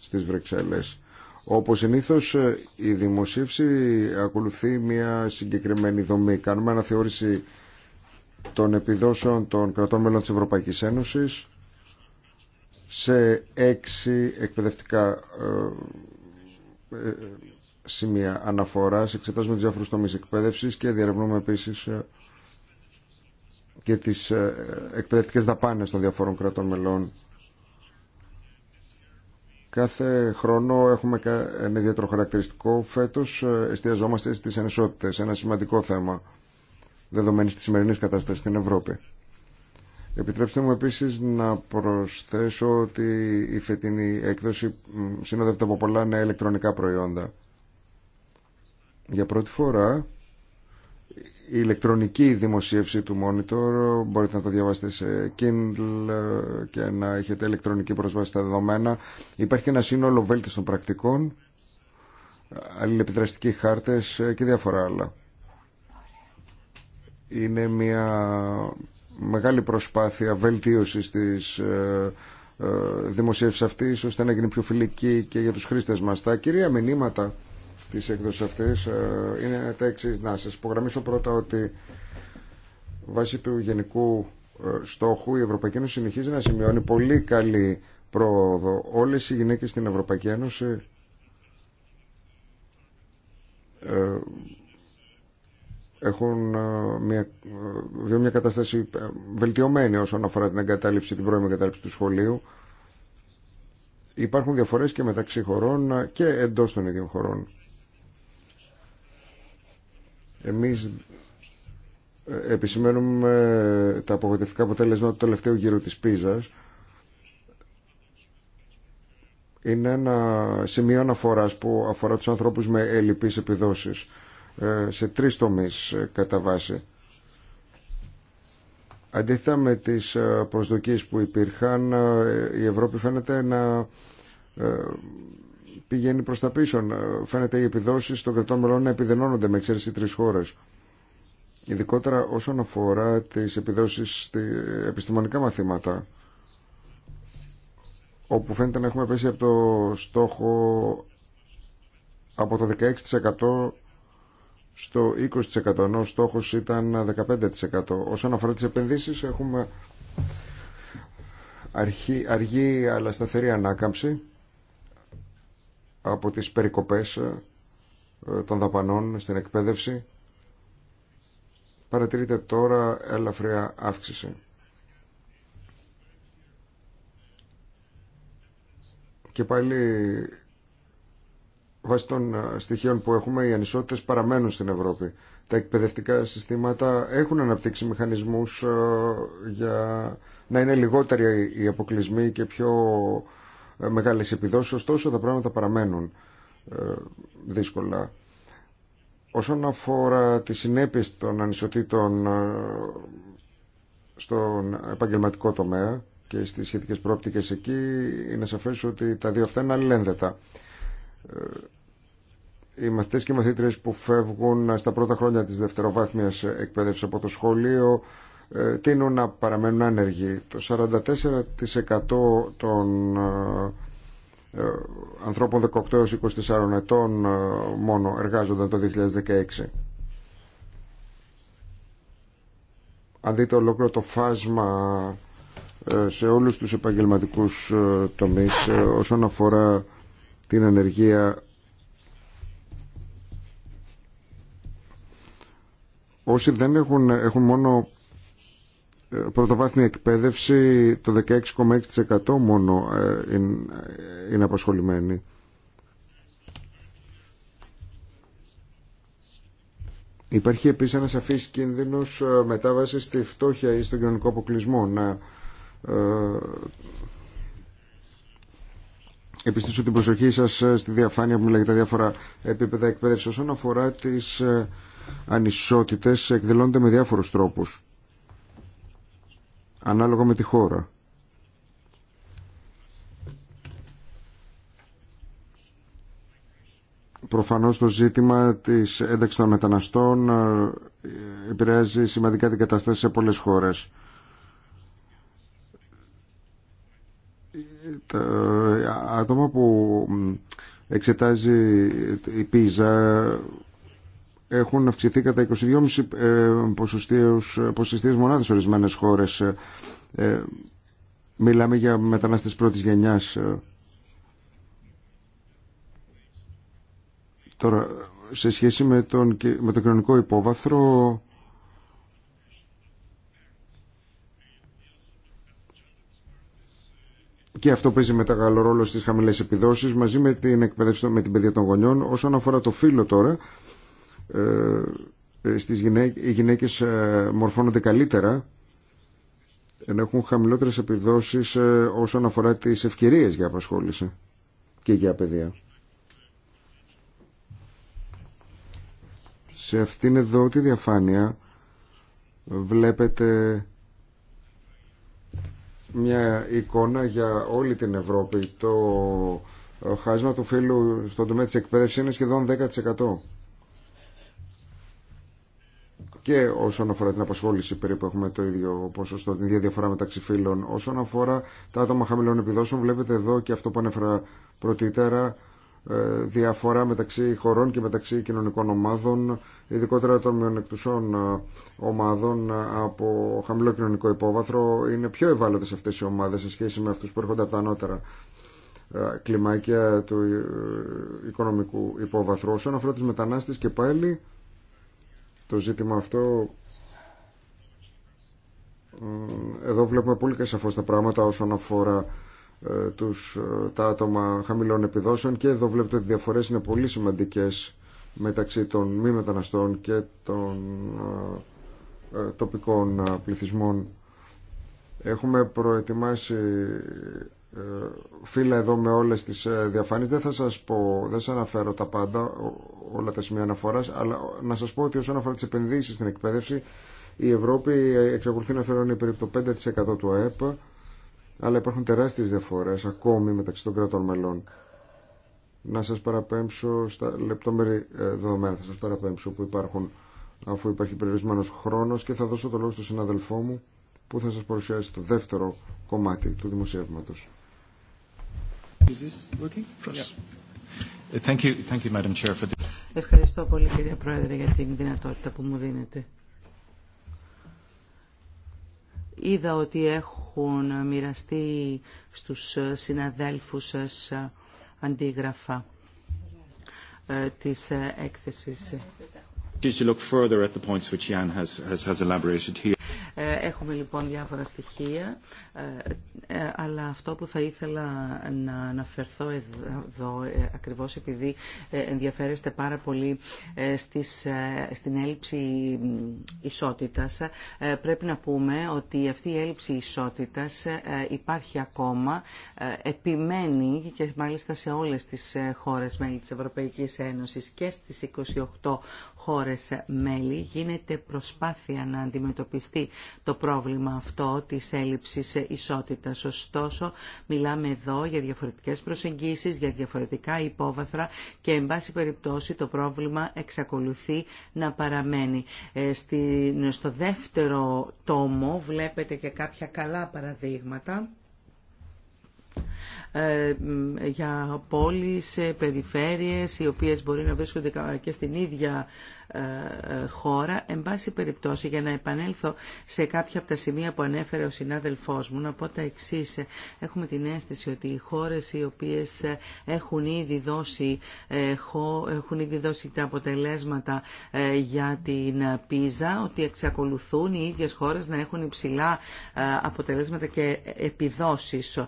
στις Βρυξέλλες. Όπως συνήθως ε, η δημοσίευση ακολουθεί μια συγκεκριμένη δομή. Κάνουμε αναθεώρηση των επιδόσεων των κρατών μέλων της Ευρωπαϊκής Ένωσης σε έξι εκπαιδευτικά ε, ε, σημεία αναφοράς. Εξετάζουμε τις διάφορους τομείς εκπαίδευσης και διαρευνούμε επίσης και τις εκπαιδευτικές δαπάνες των διαφόρων κρατών μελών Κάθε χρόνο έχουμε ένα ιδιαίτερο χαρακτηριστικό. φέτο ε, εστιαζόμαστε στι ανισότητε. ένα σημαντικό θέμα δεδομένη της σημερινής κατάστασης στην Ευρώπη. Επιτρέψτε μου επίσης να προσθέσω ότι η φετινή έκδοση συνοδεύεται από πολλά νέα ηλεκτρονικά προϊόντα. Για πρώτη φορά η ηλεκτρονική δημοσίευση του monitor μπορείτε να το διαβάσετε σε Kindle και να έχετε ηλεκτρονική πρόσβαση στα δεδομένα υπάρχει ένα σύνολο βέλτιστων πρακτικών αλληλεπιδραστικοί χάρτες και διάφορα άλλα είναι μια μεγάλη προσπάθεια βελτίωσης της ε, ε, δημοσίευσης αυτής ώστε να γίνει πιο φιλική και για τους χρήστες μας τα κυρία μηνύματα Τη εκδοση αυτή ε, είναι τα εξή. Να σα. υπογραμμίσω πρώτα ότι βάσει του γενικού ε, στόχου η Ευρωπαϊκή Ένωση συνεχίζει να σημειώνει πολύ καλή πρόοδο. Όλε οι γυναίκες στην Ευρωπαϊκή Ένωση ε, έχουν μια, μια κατάσταση βελτιωμένη όσον αφορά την εγκατάλειψη, την πρώιμη εγκατάλειψη του σχολείου. Υπάρχουν διαφορές και μεταξύ χωρών και εντός των ίδιων χωρών. Εμείς ε, επισημαίνουμε τα απογοητευτικά αποτέλεσματα του τελευταίου γύρου της πίζας. Είναι ένα σημείο αναφορά που αφορά τους ανθρώπους με ελλειπείς επιδόσεις ε, σε τρεις τομείς ε, κατά βάση. Αντίθετα με τις προσδοκίες που υπήρχαν, η Ευρώπη φαίνεται να πηγαίνει προς τα πίσω. Ε, φαίνεται οι επιδόσεις των κρατών μελών να επιδενώνονται με εξαίρεση τρεις χώρες. Ειδικότερα όσον αφορά τις επιδόσεις στη ε, επιστημονικά μαθήματα, όπου φαίνεται να έχουμε πέσει από το στόχο από το 16% στο 20% ενώ ο στόχος ήταν 15%. Όσον αφορά τις επενδύσεις έχουμε αρχή, αργή αλλά σταθερή ανάκαμψη από τις περικοπές ε, ε, των δαπανών στην εκπαίδευση παρατηρείται τώρα ελαφριά αύξηση. Και πάλι βάσει των ε, στοιχείων που έχουμε οι ανισότητες παραμένουν στην Ευρώπη. Τα εκπαιδευτικά συστήματα έχουν αναπτύξει μηχανισμούς για να είναι λιγότεροι οι αποκλεισμοί και πιο ε, μεγάλες επιδόσεις, ωστόσο τα πράγματα παραμένουν ε, δύσκολα. Όσον αφορά τις συνέπειες των ανισοτήτων ε, στον επαγγελματικό τομέα και στις σχετικές πρόπτικες εκεί, είναι σαφές ότι τα δύο αυτά είναι αλληλένδετα. Οι μαθητές και οι μαθήτρες που φεύγουν στα πρώτα χρόνια της δευτεροβάθμιας εκπαίδευσης από το σχολείο ε, τείνουν να παραμένουν άνεργοι. Το 44% των ε, ε, ανθρώπων 18 έως 24 ετών μόνο εργάζονταν το 2016. Αν δείτε ολόκληρο το φάσμα σε όλους τους επαγγελματικούς τομείς όσον αφορά την ανεργία όσοι δεν έχουν, έχουν μόνο πρωτοβάθμια εκπαίδευση το 16,6% μόνο ε, ε, είναι απασχολημένοι. Υπάρχει επίσης ένα σαφής κίνδυνος ε, μετάβαση στη φτώχεια ή στον κοινωνικό αποκλεισμό. Να επιστήσω την προσοχή σας στη διαφάνεια που μιλάει για τα διάφορα επίπεδα εκπαίδευσης όσον αφορά τις ανισότητες εκδηλώνονται με διάφορους τρόπους ανάλογα με τη χώρα. Προφανώς το ζήτημα της ένταξης των μεταναστών ε, επηρεάζει σημαντικά την κατάσταση σε πολλές χώρες. Τα άτομα που εξετάζει η πίζα έχουν αυξηθεί κατά 22,5 ε, ποσοστίες ε, μονάδες ορισμένες χώρες. Ε, μιλάμε για μετανάστες πρώτης γενιάς. Τώρα, σε σχέση με, τον, με το κοινωνικό υπόβαθρο, και αυτό παίζει μεγάλο ρόλο στις χαμηλές επιδόσεις μαζί με την εκπαίδευση με την παιδεία των γονιών όσον αφορά το φύλλο τώρα ε, ε, στις γυναίκες, οι γυναίκες ε, μορφώνονται καλύτερα ενώ έχουν χαμηλότερες επιδόσεις όσον αφορά τις ευκαιρίες για απασχόληση και για παιδεία. Σε αυτήν εδώ τη διαφάνεια βλέπετε μια εικόνα για όλη την Ευρώπη. Το χάσμα του φύλου στον τομέα της εκπαίδευσης είναι σχεδόν 10% και όσον αφορά την απασχόληση περίπου έχουμε το ίδιο ποσοστό, την ίδια διαφορά μεταξύ φύλων. Όσον αφορά τα άτομα χαμηλών επιδόσεων βλέπετε εδώ και αυτό που ανέφερα πρωτήτερα ε, διαφορά μεταξύ χωρών και μεταξύ κοινωνικών ομάδων, ειδικότερα των μειονεκτουσών ε, ομάδων ε, από χαμηλό κοινωνικό υπόβαθρο, είναι πιο ευάλωτε αυτέ οι ομάδε σε σχέση με αυτού που έρχονται από τα ανώτερα κλιμάκια του οικονομικού υπόβαθρου. Όσον αφορά του μετανάστε και πάλι το ζήτημα αυτό ε, εδώ βλέπουμε πολύ και σαφώς τα πράγματα όσον αφορά ε, τους, ε, τα άτομα χαμηλών επιδόσεων και εδώ βλέπετε ότι οι διαφορές είναι πολύ σημαντικές μεταξύ των μη μεταναστών και των τοπικών πληθυσμών. Έχουμε προετοιμάσει φύλλα εδώ με όλες τις ε, διαφάνειες. Δεν θα σας πω, δεν σας αναφέρω τα πάντα, όλα τα σημεία αναφοράς, αλλά να σας πω ότι όσον αφορά τις επενδύσεις στην εκπαίδευση, η Ευρώπη εξακολουθεί να φέρνει περίπου το 5% του ΑΕΠ, αλλά υπάρχουν τεράστιες διαφορές ακόμη μεταξύ των κρατών μελών. Να σας παραπέμψω στα λεπτόμερη ε, δεδομένα, θα σας παραπέμψω που υπάρχουν αφού υπάρχει περιορισμένος χρόνος και θα δώσω το λόγο στον συναδελφό μου που θα σας παρουσιάσει το δεύτερο κομμάτι του δημοσιεύματος. Is working? Yes. Uh, thank you, thank you, Madam Chair, for Ευχαριστώ πολύ, κύριε Πρόεδρε, για την δυνατότητα που μου δίνετε. Είδα ότι έχουν μοιραστεί στους συναδέλφους σας αντίγραφα ε, της ε, έκθεσης. Did you look further at the points which Jan has, has, has elaborated here? Ε, έχουμε λοιπόν διάφορα στοιχεία, ε, ε, αλλά αυτό που θα ήθελα να αναφερθώ εδώ, ακριβώς επειδή ενδιαφέρεστε πάρα πολύ στις, στην έλλειψη ισότητας, πρέπει να πούμε ότι αυτή η έλλειψη ισότητας υπάρχει ακόμα, επιμένει και μάλιστα σε όλες τις χώρες μέλη της Ευρωπαϊκής Ένωσης και στις 28 χώρες μέλη γίνεται προσπάθεια να αντιμετωπιστεί το πρόβλημα αυτό της έλλειψης ισότητας. Ωστόσο, μιλάμε εδώ για διαφορετικές προσεγγίσεις, για διαφορετικά υπόβαθρα και, εν πάση περιπτώσει, το πρόβλημα εξακολουθεί να παραμένει. Ε, στο δεύτερο τόμο βλέπετε και κάποια καλά παραδείγματα ε, για πόλεις, ε, περιφέρειες, οι οποίες μπορεί να βρίσκονται και στην ίδια ε, χώρα. Εν πάση περιπτώσει, για να επανέλθω σε κάποια από τα σημεία που ανέφερε ο συνάδελφός μου, να πω τα εξή. Έχουμε την αίσθηση ότι οι χώρες οι οποίες έχουν ήδη δώσει, έχουν ήδη τα αποτελέσματα για την πίζα, ότι εξακολουθούν οι ίδιες χώρες να έχουν υψηλά αποτελέσματα και επιδόσεις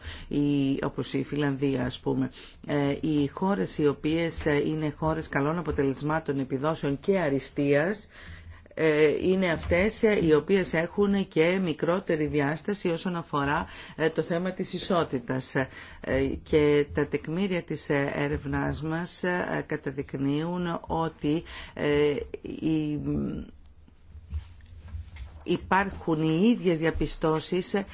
όπως η Φιλανδία ας πούμε. Ε, οι χώρες οι οποίες ε, είναι χώρες καλών αποτελεσμάτων επιδόσεων και αριστείας ε, είναι αυτές οι οποίες έχουν και μικρότερη διάσταση όσον αφορά το θέμα της ισότητας. Και τα τεκμήρια της έρευνάς μας καταδεικνύουν ότι υπάρχουν οι ίδιες διαπιστώσεις ε,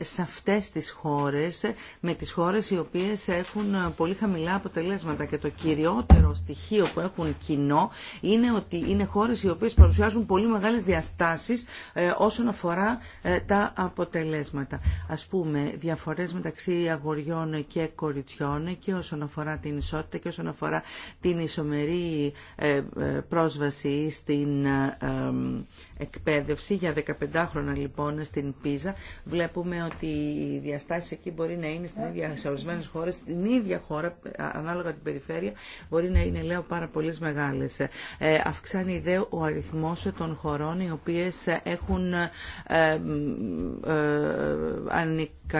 σε αυτές τις χώρες με τις χώρες οι οποίες έχουν πολύ χαμηλά αποτελέσματα και το κυριότερο στοιχείο που έχουν κοινό είναι ότι είναι χώρες οι οποίες παρουσιάζουν πολύ μεγάλες διαστάσεις ε, όσον αφορά ε, τα αποτελέσματα. Ας πούμε διαφορές μεταξύ αγοριών και κοριτσιών και όσον αφορά την ισότητα και όσον αφορά την ισομερή πρόσβαση στην εκπαίδευση. Για 15 χρόνια λοιπόν στην Πίζα βλέπουμε ότι οι διαστάσει εκεί μπορεί να είναι στην ίδια, σε ορισμένε χώρες, στην ίδια χώρα, ανάλογα την περιφέρεια, μπορεί να είναι λέω πάρα πολύ μεγάλες. Ε, αυξάνει ο αριθμός των χωρών οι οποίες έχουν ε, ε,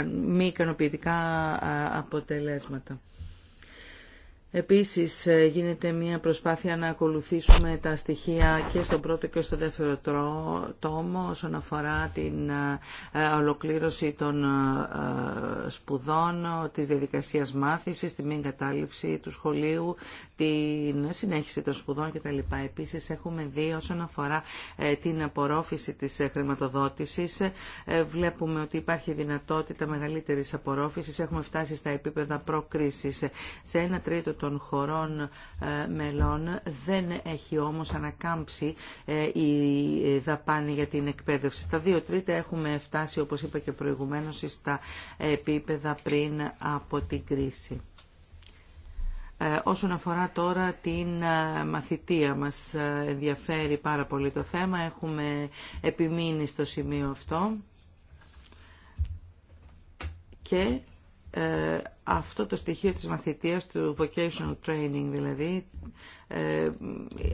ε, μη ικανοποιητικά αποτελέσματα. Επίσης ε, γίνεται μια προσπάθεια να ακολουθήσουμε τα στοιχεία και στον πρώτο και στο δεύτερο τόμο όσον αφορά την ε, ε, ολοκλήρωση των σπουδών, της διαδικασίας μάθησης, τη μη κατάληψη του σχολείου, την συνέχιση των σπουδών κτλ. Επίσης έχουμε δει όσον αφορά την απορρόφηση της χρηματοδότησης. Βλέπουμε ότι υπάρχει δυνατότητα μεγαλύτερης απορρόφησης. Έχουμε φτάσει στα επίπεδα προκρίσης. Σε ένα τρίτο των χωρών ε, μελών δεν έχει όμως ανακάμψει ε, η δαπάνη για την εκπαίδευση. Στα δύο τρίτα έχουμε φτάσει, όπως είπα και προηγουμένως, στα επίπεδα πριν από την κρίση. Ε, όσον αφορά τώρα την μαθητεία, μας ενδιαφέρει πάρα πολύ το θέμα. Έχουμε επιμείνει στο σημείο αυτό και ε, αυτό το στοιχείο της μαθητείας του vocational training δηλαδή ε,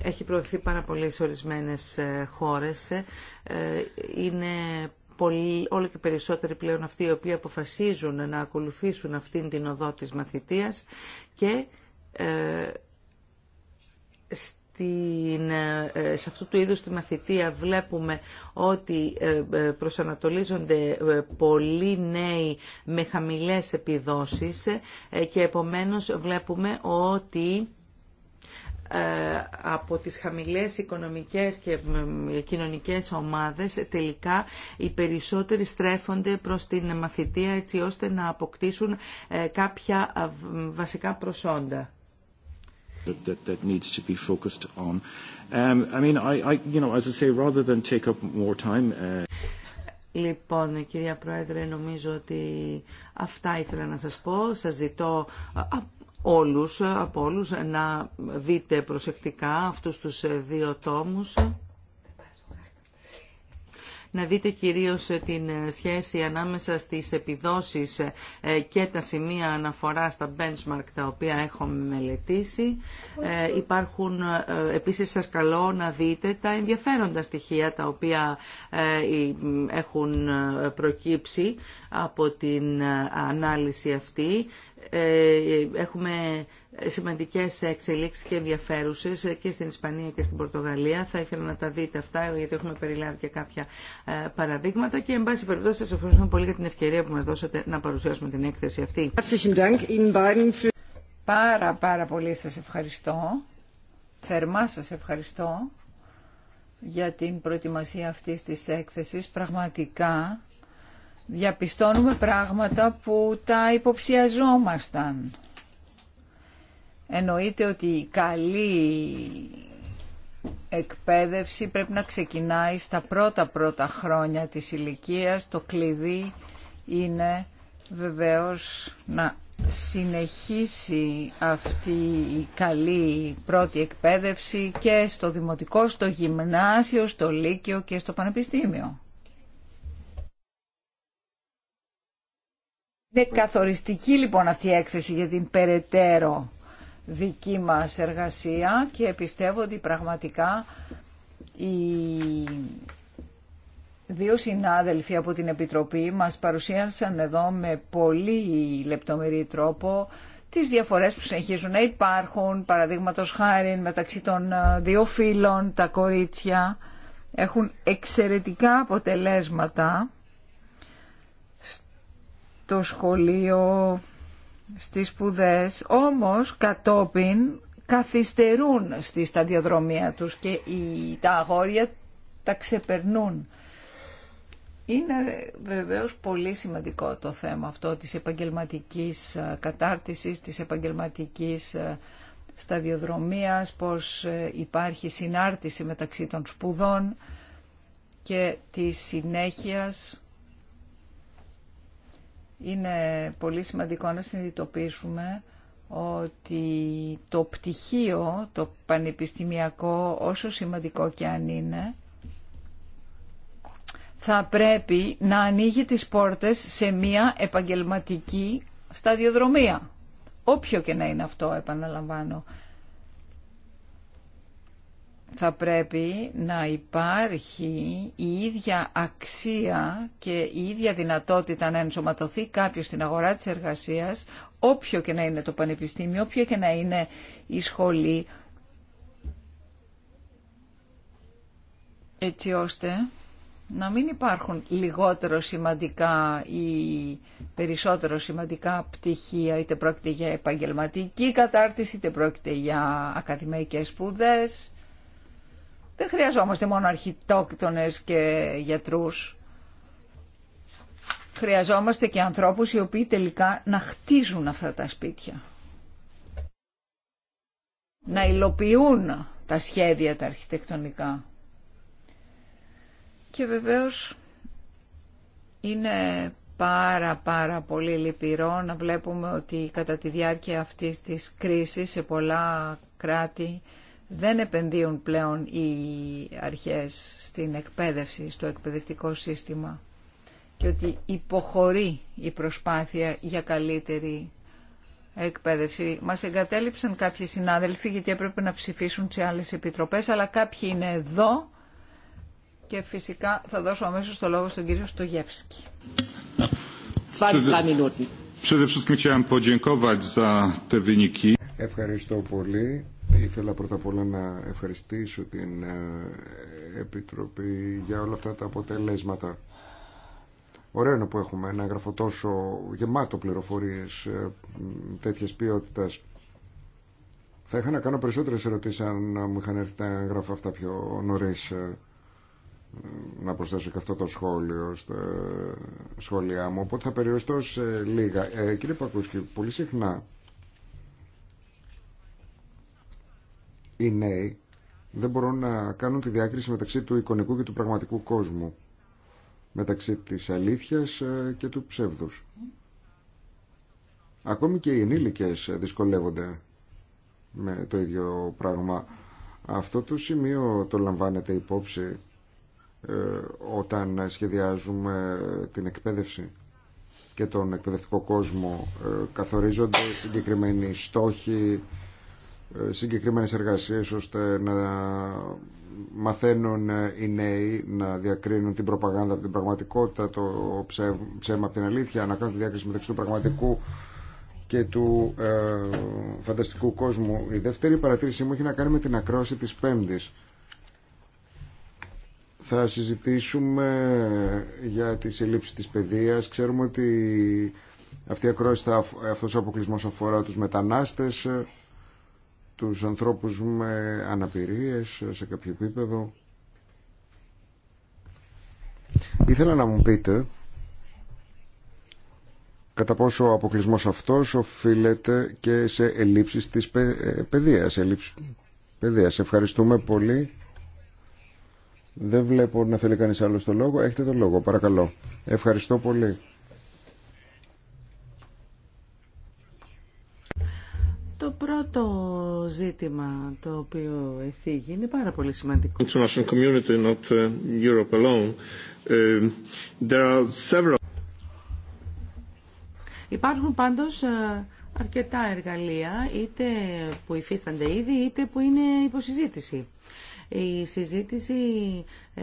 έχει προωθηθεί πάρα πολύ σε ορισμένες ε, χώρες. Είναι πολύ, όλο και περισσότεροι πλέον αυτοί οι οποίοι αποφασίζουν να ακολουθήσουν αυτήν την οδό της μαθητείας και ε, ε, σε αυτού του είδους τη μαθητεία βλέπουμε ότι ε, προσανατολίζονται πολλοί νέοι με χαμηλές επιδόσεις και επομένως βλέπουμε ότι από τις χαμηλές οικονομικές και κοινωνικές ομάδες τελικά οι περισσότεροι στρέφονται προς την μαθητεία έτσι ώστε να αποκτήσουν κάποια βασικά προσόντα. Λοιπόν, κυρία Πρόεδρε, νομίζω ότι αυτά ήθελα να σας πω. Σας ζητώ όλους, από όλους, να δείτε προσεκτικά αυτούς τους δύο τόμους να δείτε κυρίως ε, την ε, σχέση ανάμεσα στις επιδόσεις ε, και τα σημεία αναφορά στα benchmark τα οποία έχουμε μελετήσει. Υπάρχουν, επίσης σας καλώ να δείτε τα ενδιαφέροντα στοιχεία τα οποία έχουν προκύψει από την ανάλυση αυτή ε, έχουμε σημαντικές εξελίξεις και ενδιαφέρουσες και στην Ισπανία και στην Πορτογαλία. Θα ήθελα να τα δείτε αυτά γιατί έχουμε περιλάβει και κάποια ε, παραδείγματα και εν πάση περιπτώσει σας ευχαριστούμε πολύ για την ευκαιρία που μας δώσατε να παρουσιάσουμε την έκθεση αυτή. Πάρα πάρα πολύ σας ευχαριστώ. Θερμά σας ευχαριστώ για την προετοιμασία αυτής της έκθεσης. Πραγματικά διαπιστώνουμε πράγματα που τα υποψιαζόμασταν. Εννοείται ότι η καλή εκπαίδευση πρέπει να ξεκινάει στα πρώτα πρώτα χρόνια της ηλικίας. Το κλειδί είναι βεβαίως να συνεχίσει αυτή η καλή πρώτη εκπαίδευση και στο δημοτικό, στο γυμνάσιο, στο λύκειο και στο πανεπιστήμιο. Είναι καθοριστική λοιπόν αυτή η έκθεση για την περαιτέρω δική μας εργασία και πιστεύω ότι πραγματικά οι δύο συνάδελφοι από την Επιτροπή μας παρουσίασαν εδώ με πολύ λεπτομερή τρόπο τις διαφορές που συνεχίζουν να υπάρχουν, παραδείγματο χάρη μεταξύ των ε, δύο φίλων, τα κορίτσια έχουν εξαιρετικά αποτελέσματα το σχολείο, στις σπουδέ, όμως κατόπιν καθυστερούν στη σταδιοδρομία τους και τα αγόρια τα ξεπερνούν. Είναι βεβαίως πολύ σημαντικό το θέμα αυτό της επαγγελματικής ε, κατάρτισης, της επαγγελματικής ε, σταδιοδρομίας, πως ε, υπάρχει συνάρτηση μεταξύ των σπουδών και της συνέχειας είναι πολύ σημαντικό να συνειδητοποιήσουμε ότι το πτυχίο, το πανεπιστημιακό, όσο σημαντικό και αν είναι, θα πρέπει να ανοίγει τις πόρτες σε μια επαγγελματική σταδιοδρομία. Όποιο και να είναι αυτό, επαναλαμβάνω θα πρέπει να υπάρχει η ίδια αξία και η ίδια δυνατότητα να ενσωματωθεί κάποιος στην αγορά της εργασίας, όποιο και να είναι το πανεπιστήμιο, όποιο και να είναι η σχολή, έτσι ώστε να μην υπάρχουν λιγότερο σημαντικά ή περισσότερο σημαντικά πτυχία, είτε πρόκειται για επαγγελματική κατάρτιση, είτε πρόκειται για ακαδημαϊκές σπουδές, δεν χρειαζόμαστε μόνο αρχιτόκτονες και γιατρούς. Χρειαζόμαστε και ανθρώπους οι οποίοι τελικά να χτίζουν αυτά τα σπίτια. Να υλοποιούν τα σχέδια τα αρχιτεκτονικά. Και βεβαίως είναι πάρα πάρα πολύ λυπηρό να βλέπουμε ότι κατά τη διάρκεια αυτής της κρίσης σε πολλά κράτη δεν επενδύουν πλέον οι αρχές στην εκπαίδευση, στο εκπαιδευτικό σύστημα και ότι υποχωρεί η προσπάθεια για καλύτερη εκπαίδευση. Μας εγκατέλειψαν κάποιοι συνάδελφοι γιατί έπρεπε να ψηφίσουν σε άλλες επιτροπές, αλλά κάποιοι είναι εδώ και φυσικά θα δώσω αμέσως το λόγο στον κύριο Στογεύσκη. Ευχαριστώ πολύ. Ήθελα πρώτα απ' όλα να ευχαριστήσω την ε, Επιτροπή για όλα αυτά τα αποτελέσματα. Ωραίο είναι που έχουμε ένα έγγραφο τόσο γεμάτο πληροφορίες ε, τέτοιες ποιότητας. Θα είχα να κάνω περισσότερες ερωτήσεις αν μου είχαν έρθει τα αυτά πιο νωρίς. Ε, να προσθέσω και αυτό το σχόλιο στα σχόλιά μου, οπότε θα περιοριστώ σε λίγα. Ε, κύριε Πακούσκη, πολύ συχνά οι νέοι δεν μπορούν να κάνουν τη διάκριση μεταξύ του εικονικού και του πραγματικού κόσμου, μεταξύ της αλήθειας ε, και του ψεύδους. Ακόμη και οι ενήλικες δυσκολεύονται με το ίδιο πράγμα. Αυτό το σημείο το λαμβάνεται υπόψη ε, όταν σχεδιάζουμε την εκπαίδευση και τον εκπαιδευτικό κόσμο ε, καθορίζονται συγκεκριμένοι στόχοι ε, συγκεκριμένες εργασίες ώστε να μαθαίνουν ε, οι νέοι να διακρίνουν την προπαγάνδα από την πραγματικότητα, το ψέμα από την αλήθεια, να κάνουν τη διάκριση μεταξύ του πραγματικού και του ε, φανταστικού κόσμου. Η δεύτερη παρατήρησή μου έχει να κάνει με την ακρόαση της Πέμπτης. Θα συζητήσουμε για τη συλλήψη της παιδείας. Ξέρουμε ότι αυτή η ακρόαση, αυτός ο αποκλεισμός αφορά τους μετανάστες, τους ανθρώπους με αναπηρίες σε κάποιο επίπεδο. Ήθελα να μου πείτε κατά πόσο ο αποκλεισμός αυτός οφείλεται και σε ελλείψεις της παιδείας. Ευχαριστούμε πολύ. Δεν βλέπω να θέλει κανείς άλλο το λόγο. Έχετε το λόγο, παρακαλώ. Ευχαριστώ πολύ. Το πρώτο ζήτημα το οποίο εφήγει είναι πάρα πολύ σημαντικό. International community, not uh, Europe alone. Um, there are several... Υπάρχουν πάντως ε, αρκετά εργαλεία, είτε που υφίστανται ήδη, είτε που είναι υποσυζήτηση. Η συζήτηση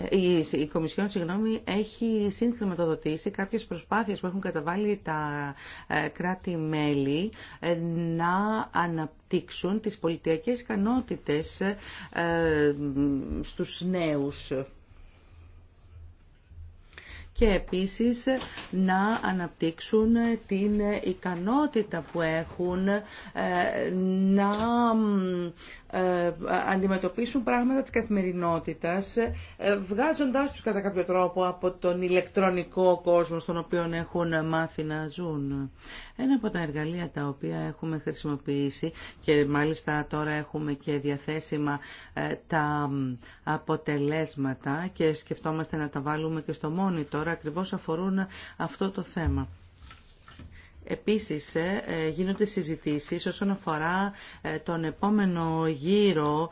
ε, η Κομισιόν συγγνώμη, έχει συγχρηματοδοτήσει κάποιες προσπάθειες που έχουν καταβάλει τα ε, κράτη-μέλη ε, να αναπτύξουν τις πολιτιακές ικανότητες στους νέους και επίσης να αναπτύξουν την ικανότητα που έχουν να ε, αντιμετωπίσουν πράγματα της καθημερινότητας ε, βγάζοντάς τους κατά κάποιο τρόπο από τον ηλεκτρονικό κόσμο στον οποίο έχουν μάθει να ζουν. Ένα από τα εργαλεία τα οποία έχουμε χρησιμοποιήσει και μάλιστα τώρα έχουμε και διαθέσιμα ε, τα αποτελέσματα και σκεφτόμαστε να τα βάλουμε και στο τώρα ακριβώς αφορούν αυτό το θέμα. Επίσης ε, ε, γίνονται συζητήσεις όσον αφορά ε, τον επόμενο γύρο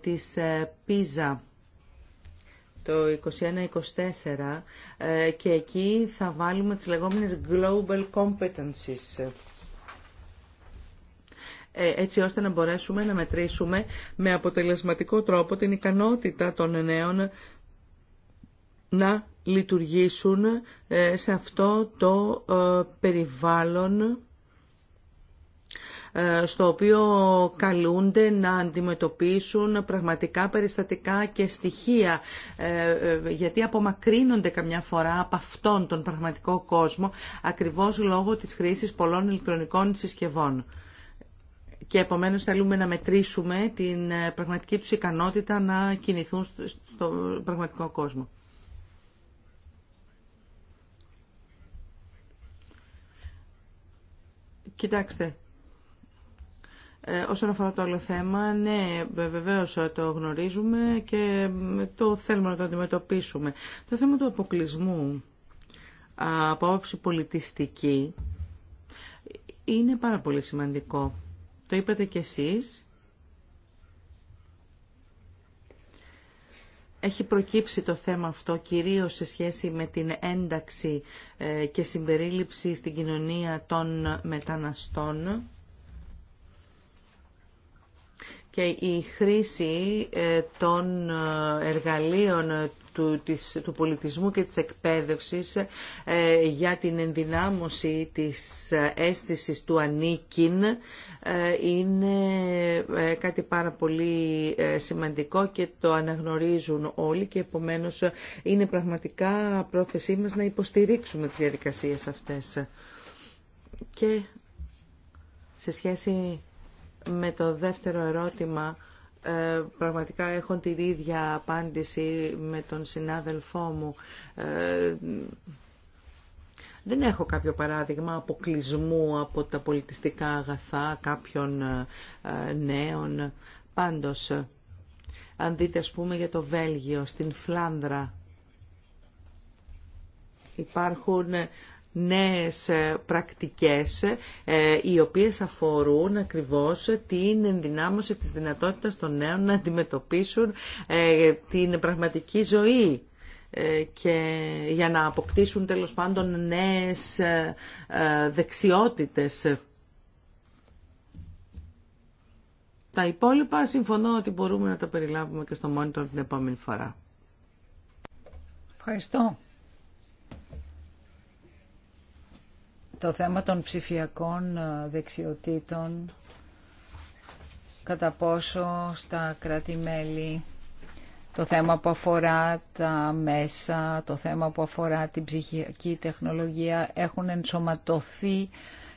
της πίζα το 21-24 και εκεί θα βάλουμε τις λεγόμενες global competencies έτσι ώστε να μπορέσουμε να μετρήσουμε με αποτελεσματικό τρόπο την ικανότητα των νέων να λειτουργήσουν ε, σε αυτό το ε, περιβάλλον ε, στο οποίο καλούνται να αντιμετωπίσουν πραγματικά περιστατικά και στοιχεία γιατί απομακρύνονται καμιά φορά από αυτόν τον πραγματικό κόσμο ακριβώς λόγω της χρήσης πολλών ηλεκτρονικών συσκευών. Και επομένως θέλουμε να μετρήσουμε την πραγματική τους ικανότητα να κινηθούν στον πραγματικό κόσμο. Κοιτάξτε, ε, όσον αφορά το άλλο θέμα, ναι, βεβαίω ε, το γνωρίζουμε και το θέλουμε να το αντιμετωπίσουμε. Το θέμα του αποκλεισμού από όψη πολιτιστική είναι πάρα πολύ σημαντικό. Το είπατε κι εσείς έχει προκύψει το θέμα αυτό κυρίως σε σχέση με την ένταξη ε, και συμπερίληψη στην κοινωνία των μεταναστών και η χρήση ε, των ε, εργαλείων του, πολιτισμού και της εκπαίδευσης ε, για την ενδυνάμωση της αίσθησης του ανήκειν ε, είναι ε, κάτι πάρα πολύ σημαντικό και το αναγνωρίζουν όλοι και επομένως είναι πραγματικά πρόθεσή μας να υποστηρίξουμε τις διαδικασίες αυτές. Και σε σχέση με το δεύτερο ερώτημα ε, πραγματικά έχω την ίδια απάντηση με τον συνάδελφό μου. Ε, δεν έχω κάποιο παράδειγμα αποκλεισμού από τα πολιτιστικά αγαθά κάποιων ε, νέων. Πάντως, αν δείτε ας πούμε για το Βέλγιο, στην Φλάνδρα, υπάρχουν νέες ε, πρακτικές ε, οι οποίες αφορούν ακριβώς την ενδυνάμωση της δυνατότητας των νέων να αντιμετωπίσουν ε, την πραγματική ζωή και για να αποκτήσουν τέλος πάντων νέες δεξιότητες. Τα υπόλοιπα συμφωνώ ότι μπορούμε να τα περιλάβουμε και στο monitor την επόμενη φορά. Ευχαριστώ. το θέμα των ψηφιακών ε, δεξιοτήτων κατά πόσο στα κράτη-μέλη το θέμα που αφορά τα μέσα, το θέμα που αφορά την ψυχιακή τεχνολογία έχουν ενσωματωθεί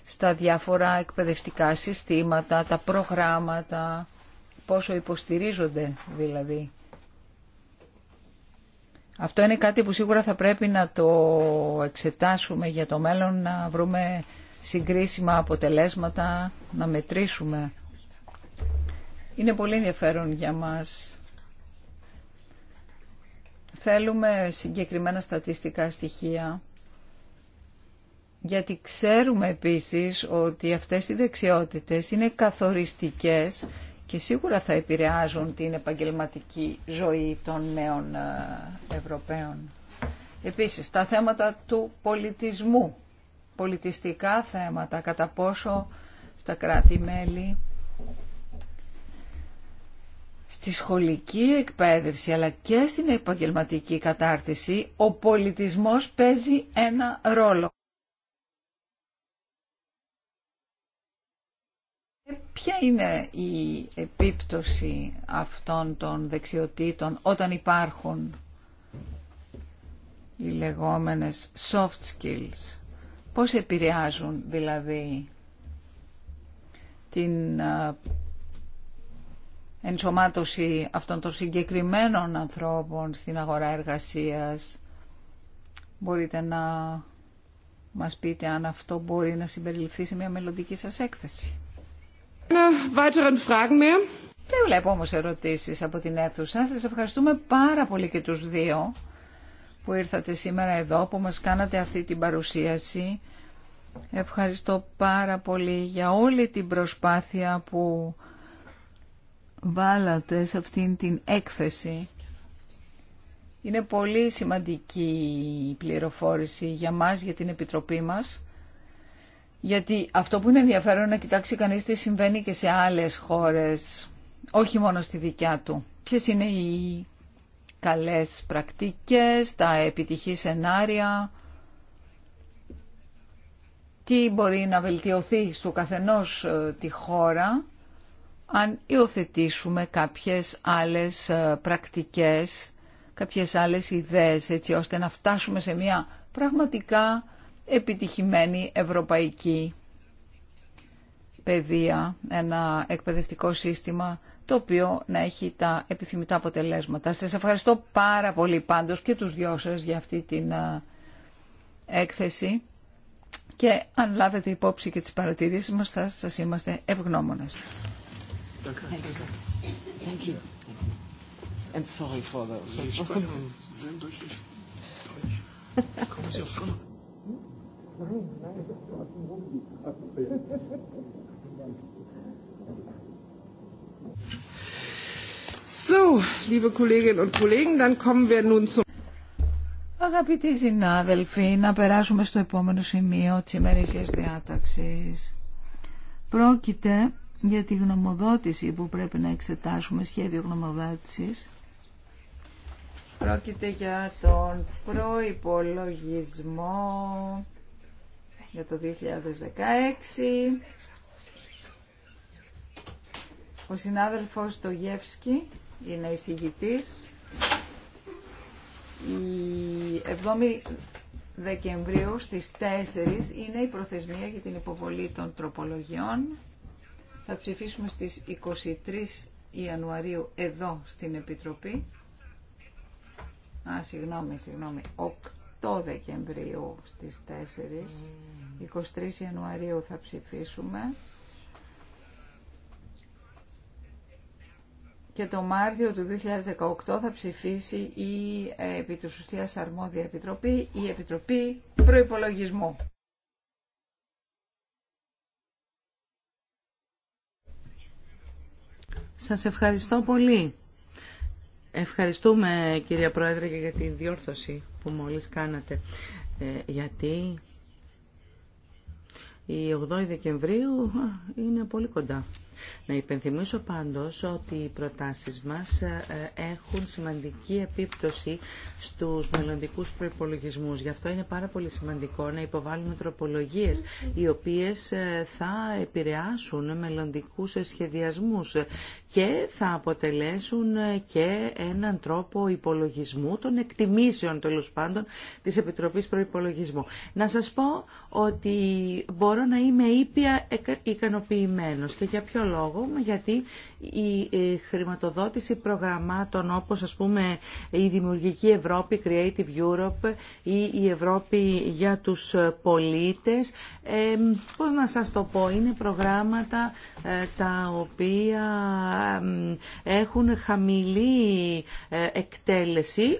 στα διάφορα εκπαιδευτικά συστήματα, τα προγράμματα, πόσο υποστηρίζονται δηλαδή. Αυτό είναι κάτι που σίγουρα θα πρέπει να το εξετάσουμε για το μέλλον, να βρούμε συγκρίσιμα αποτελέσματα, να μετρήσουμε. Είναι πολύ ενδιαφέρον για μας. Θέλουμε συγκεκριμένα στατιστικά στοιχεία, γιατί ξέρουμε επίσης ότι αυτές οι δεξιότητες είναι καθοριστικές και σίγουρα θα επηρεάζουν την επαγγελματική ζωή των νέων ε, Ευρωπαίων. Επίσης, τα θέματα του πολιτισμού, πολιτιστικά θέματα, κατά πόσο στα κράτη-μέλη, στη σχολική εκπαίδευση αλλά και στην επαγγελματική κατάρτιση, ο πολιτισμός παίζει ένα ρόλο. Ποια είναι η επίπτωση αυτών των δεξιοτήτων όταν υπάρχουν οι λεγόμενες soft skills. Πώς επηρεάζουν δηλαδή την ενσωμάτωση αυτών των συγκεκριμένων ανθρώπων στην αγορά εργασίας. Μπορείτε να μας πείτε αν αυτό μπορεί να συμπεριληφθεί σε μια μελλοντική σας έκθεση. Δεν βλέπω όμως ερωτήσεις από την αίθουσα. Σας ευχαριστούμε πάρα πολύ και τους δύο που ήρθατε σήμερα εδώ, που μας κάνατε αυτή την παρουσίαση. Ευχαριστώ πάρα πολύ για όλη την προσπάθεια που βάλατε σε αυτήν την έκθεση. Είναι πολύ σημαντική η πληροφόρηση για μας, για την Επιτροπή μας. Γιατί αυτό που είναι ενδιαφέρον να κοιτάξει κανείς τι συμβαίνει και σε άλλες χώρες, όχι μόνο στη δικιά του. Ποιε είναι οι καλές πρακτικές, τα επιτυχή σενάρια, τι μπορεί να βελτιωθεί στο καθενός ε, τη χώρα αν υιοθετήσουμε κάποιες άλλες ε, πρακτικές, κάποιες άλλες ιδέες, έτσι ώστε να φτάσουμε σε μια πραγματικά επιτυχημένη ευρωπαϊκή παιδεία, ένα εκπαιδευτικό σύστημα το οποίο να έχει τα επιθυμητά αποτελέσματα. Σας ευχαριστώ πάρα πολύ πάντως και τους δυο σας για αυτή την έκθεση και αν λάβετε υπόψη και τις παρατηρήσεις μας θα σας είμαστε ευγνώμονες. So, liebe Kolleginnen und Kollegen, dann Αγαπητοί συνάδελφοι, να περάσουμε στο επόμενο σημείο της ημερήσιας διάταξης. Πρόκειται για τη γνωμοδότηση που πρέπει να εξετάσουμε, σχέδιο γνωμοδότησης. Πρόκειται για τον προϋπολογισμό για το 2016. Ο συνάδελφος το Γεύσκι είναι εισηγητής. Η 7η Δεκεμβρίου στις 4 είναι η προθεσμία για την υποβολή των τροπολογιών. Θα ψηφίσουμε στις 23 Ιανουαρίου εδώ στην Επιτροπή. Α, συγγνώμη, συγγνώμη, 8 Δεκεμβρίου στις 4. 23 Ιανουαρίου θα ψηφίσουμε. και το Μάρτιο του 2018 θα ψηφίσει η ε, επί αρμόδια επιτροπή, η Επιτροπή Προϋπολογισμού. Σας ευχαριστώ πολύ. Ευχαριστούμε κυρία Πρόεδρε για την διόρθωση που μόλις κάνατε. Ε, γιατί η 8η Δεκεμβρίου είναι πολύ κοντά. Να υπενθυμίσω πάντως ότι οι προτάσεις μας ε, έχουν σημαντική επίπτωση στους μελλοντικούς προϋπολογισμούς. Γι' αυτό είναι πάρα πολύ σημαντικό να υποβάλουμε τροπολογίες οι οποίες ε, θα επηρεάσουν μελλοντικούς σχεδιασμούς και θα αποτελέσουν ε, και έναν τρόπο υπολογισμού των εκτιμήσεων τέλο πάντων της Επιτροπής Προϋπολογισμού. Να σας πω ότι μπορώ να είμαι ήπια ικανοποιημένος και για ποιο λόγο λόγο γιατί η ε, χρηματοδότηση προγραμμάτων όπως ας πούμε η Δημιουργική Ευρώπη, Creative Europe ή η Ευρώπη για τους ε, πολίτες. Ε, πώς να σας το πω, είναι προγράμματα ε, τα οποία έχουν χαμηλή εκτέλεση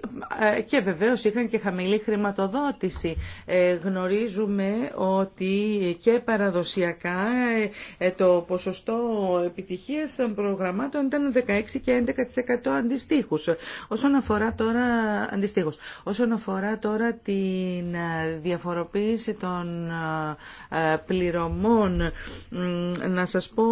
και βεβαίως είχαν και χαμηλή χρηματοδότηση. Γνωρίζουμε ότι και παραδοσιακά το ποσοστό επιτυχίας των προγραμμάτων ήταν 16 και 11% αντιστοίχους. Όσον αφορά τώρα, αντιστοίχως, όσον αφορά τώρα την ε, διαφοροποίηση των ε, πληρωμών, να σας πω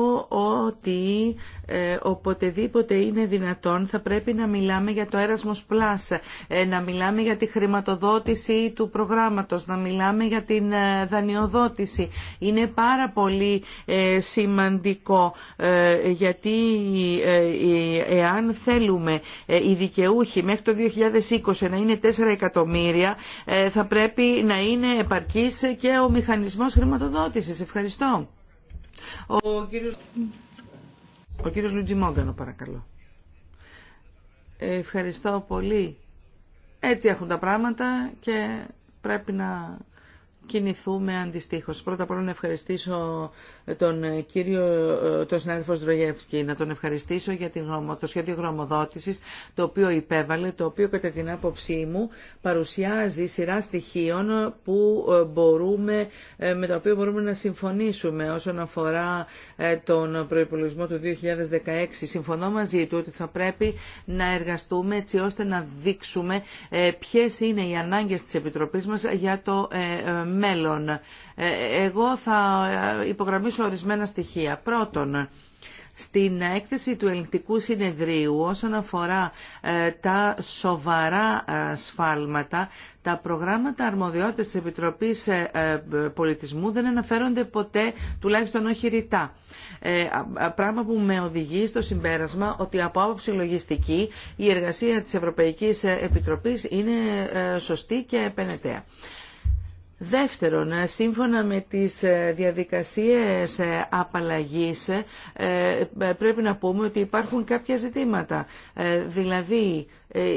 ότι ε, οποτεδήποτε είναι δυνατόν θα πρέπει να μιλάμε για το Erasmus Plus, ε, να μιλάμε για τη χρηματοδότηση του προγράμματος, να μιλάμε για την ε, δανειοδότηση. Είναι πάρα πολύ σημαντικό γιατί εάν θέλουμε οι δικαιούχοι μέχρι το 2020 να είναι 4 εκατομμύρια θα πρέπει να είναι επαρκής και ο μηχανισμός χρηματοδότησης. Ευχαριστώ. Ο κύριος... Ο κύριος Λουτζιμόγκανο παρακαλώ. Ευχαριστώ πολύ. Έτσι έχουν τα πράγματα και πρέπει να κινηθούμε αντιστοίχως. Πρώτα απ' όλα να ευχαριστήσω τον κύριο τον συνάδελφο Σδρογεύσκη να τον ευχαριστήσω για το σχέδιο γραμμοδότησης το οποίο υπέβαλε, το οποίο κατά την άποψή μου παρουσιάζει σειρά στοιχείων που ε, μπορούμε, ε, με τα οποία μπορούμε να συμφωνήσουμε όσον αφορά ε, τον προϋπολογισμό του 2016. Συμφωνώ μαζί του ότι θα πρέπει να εργαστούμε έτσι ώστε να δείξουμε ποιε είναι οι ανάγκες της Επιτροπής μας για το μέλλον. Ε, εγώ θα υπογραμμίσω ορισμένα στοιχεία. Πρώτον, στην έκθεση του ελληνικού συνεδρίου όσον αφορά ε, τα σοβαρά ε, σφάλματα, τα προγράμματα αρμοδιότητας της Επιτροπής Πολιτισμού δεν αναφέρονται ποτέ, τουλάχιστον όχι ρητά. Πράγμα που με οδηγεί στο συμπέρασμα ότι από άποψη λογιστική η εργασία της Ευρωπαϊκής Επιτροπής είναι σωστή και επενετέα. Δεύτερον, ε, σύμφωνα με τις ε, διαδικασίες ε, απαλλαγής πρέπει να πούμε ότι υπάρχουν κάποια ζητήματα. Δηλαδή, ε,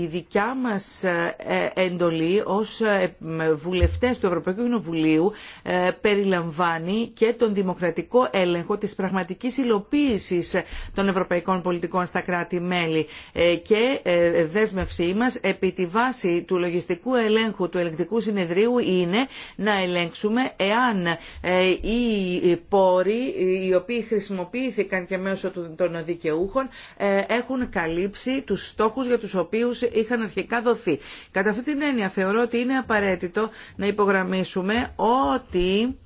η δικιά μας ε, εντολή ως ε, βουλευτές του Ευρωπαϊκού Κοινοβουλίου περιλαμβάνει και τον δημοκρατικό έλεγχο της πραγματικής υλοποίησης των ευρωπαϊκών πολιτικών στα κράτη-μέλη και δέσμευσή μας επί τη βάση του λογιστικού ελέγχου του ελεγκτικού συνεδρίου είναι να ελέγξουμε εάν οι πόροι οι οποίοι χρησιμοποιήθηκαν και μέσω των δικαιούχων έχουν καλύψει τους στόχους για τους οποίους είχαν αρχικά δοθεί. Κατά αυτή την έννοια θεωρώ ότι είναι απαραίτητο να υπογραμμίσουμε ότι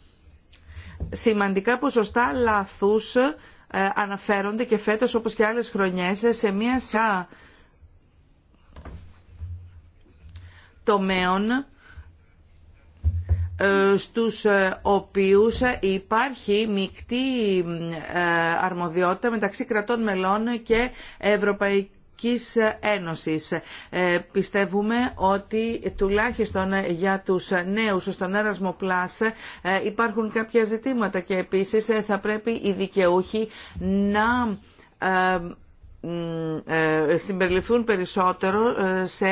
σημαντικά ποσοστά λάθους ε, αναφέρονται και φέτος όπως και άλλες χρονιές σε μία σα τομέων ε, στους ε, οποίους υπάρχει μεικτή αρμοδιότητα μεταξύ κρατών μελών και ευρωπαϊκών Ένωσης. Ε, πιστεύουμε ότι τουλάχιστον για τους νέους στον Έρασμο Πλάς ε, υπάρχουν κάποια ζητήματα και επίσης ε, θα πρέπει οι δικαιούχοι να ε, ε, ε, συμπεριληφθούν περισσότερο ε, σε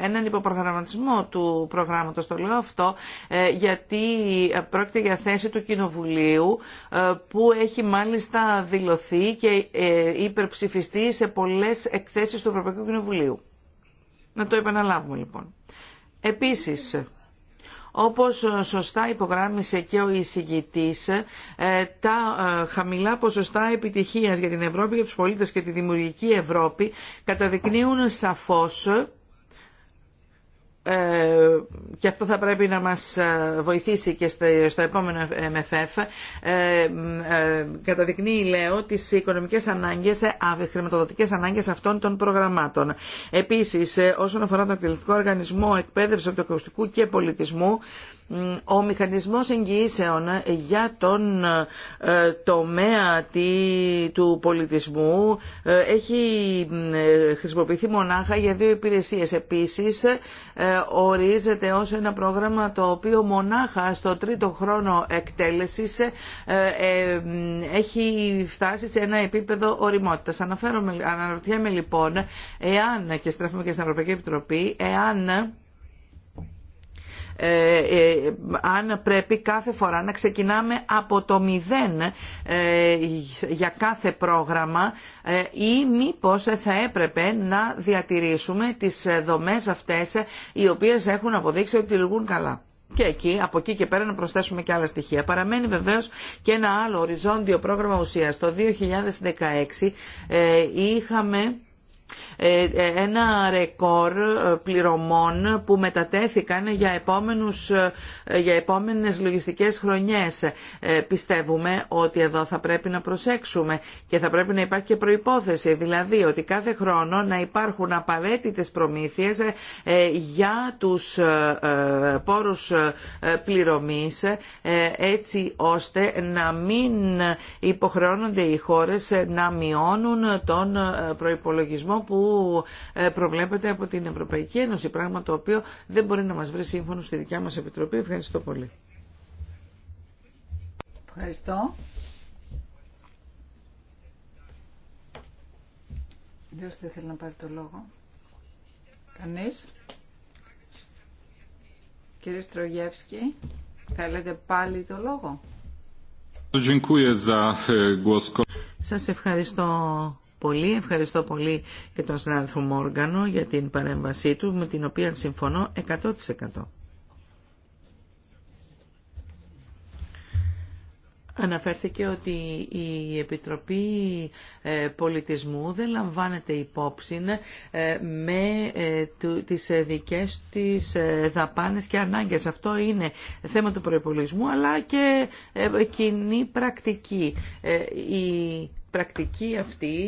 έναν υποπρογραμματισμό του προγράμματος. Το λέω αυτό γιατί πρόκειται για θέση του Κοινοβουλίου που έχει μάλιστα δηλωθεί και υπερψηφιστεί σε πολλές εκθέσεις του Ευρωπαϊκού Κοινοβουλίου. Να το επαναλάβουμε λοιπόν. Επίσης, όπως σωστά υπογράμμισε και ο εισηγητής, ε, τα ε, χαμηλά ποσοστά επιτυχίας για την Ευρώπη, για τους πολίτες και τη δημιουργική Ευρώπη καταδεικνύουν σαφώς ε, και αυτό θα πρέπει να μας ε, βοηθήσει και στο επόμενο MFF ε, καταδεικνύει λέω τις οικονομικές ανάγκες χρηματοδοτικές ανάγκες αυτών των προγραμμάτων. Επίσης όσον αφορά τον εκτελεστικό οργανισμό εκπαίδευση του και πολιτισμού ο μηχανισμός εγγυήσεων για τον ε, τομέα του πολιτισμού ε, έχει ε, χρησιμοποιηθεί μονάχα για δύο υπηρεσίες. Επίσης, ορίζεται ως ένα πρόγραμμα το οποίο μονάχα στο τρίτο χρόνο εκτέλεσης έχει φτάσει σε ένα επίπεδο οριμότητας. Αναφέρομαι, αναρωτιέμαι λοιπόν, εάν, και στρέφουμε και στην Ευρωπαϊκή Επιτροπή, εάν ε, ε, αν πρέπει κάθε φορά να ξεκινάμε από το μηδέν ε, για κάθε πρόγραμμα ή μήπως θα έπρεπε να διατηρήσουμε τις δομές αυτές οι οποίες έχουν αποδείξει ότι λειτουργούν καλά. Και εκεί, από εκεί και πέρα να προσθέσουμε και άλλα στοιχεία. Παραμένει βεβαίως και ένα άλλο οριζόντιο πρόγραμμα ουσίας. Το 2016 είχαμε ε, ε, ένα ρεκόρ ε, πληρωμών που μετατέθηκαν για, επόμενους, για επόμενες λογιστικές χρονιές. Πιστεύουμε ότι εδώ θα πρέπει να προσέξουμε και θα πρέπει να υπάρχει και προϋπόθεση, δηλαδή ότι κάθε χρόνο να υπάρχουν απαραίτητες προμήθειες για τους πόρους πληρωμής έτσι ώστε να μην υποχρεώνονται οι χώρες να μειώνουν τον προϋπολογισμό που ε, προβλέπεται από την Ευρωπαϊκή Ένωση, πράγμα το οποίο δεν μπορεί να μας βρει σύμφωνο στη δικιά μας Επιτροπή. Ευχαριστώ πολύ. Ευχαριστώ. Ποιος δεν θέλει να πάρει το λόγο. Κανείς. Κύριε Στρογεύσκη, θέλετε πάλι το λόγο. Ε, Σας ευχαριστώ πολύ. Ευχαριστώ πολύ και τον συνάδελφο Μόργανο για την παρέμβασή του, με την οποία συμφωνώ 100%. Αναφέρθηκε ότι η Επιτροπή ε, Πολιτισμού δεν λαμβάνεται υπόψη ε, με ε, τις δικές της δαπάνες και ανάγκες. Αυτό είναι θέμα του προϋπολογισμού αλλά και κοινή πρακτική. Η πρακτική αυτή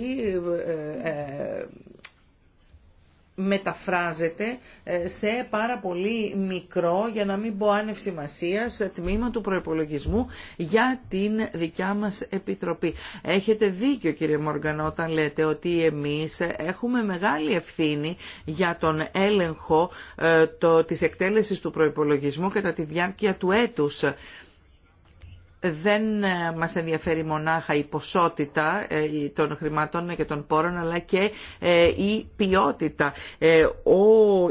μεταφράζεται ε, σε πάρα πολύ μικρό, για να μην πω άνευ σημασία, τμήμα του προεπολογισμού για την δικιά μας Επιτροπή. Έχετε δίκιο κύριε Μόργαν όταν λέτε ότι εμείς έχουμε μεγάλη ευθύνη για τον έλεγχο ε, το, της εκτέλεσης του προπολογισμού κατά τη διάρκεια του έτους δεν ε, μας ενδιαφέρει μονάχα η ποσότητα ε, των χρημάτων και των πόρων αλλά και ε, η ποιότητα.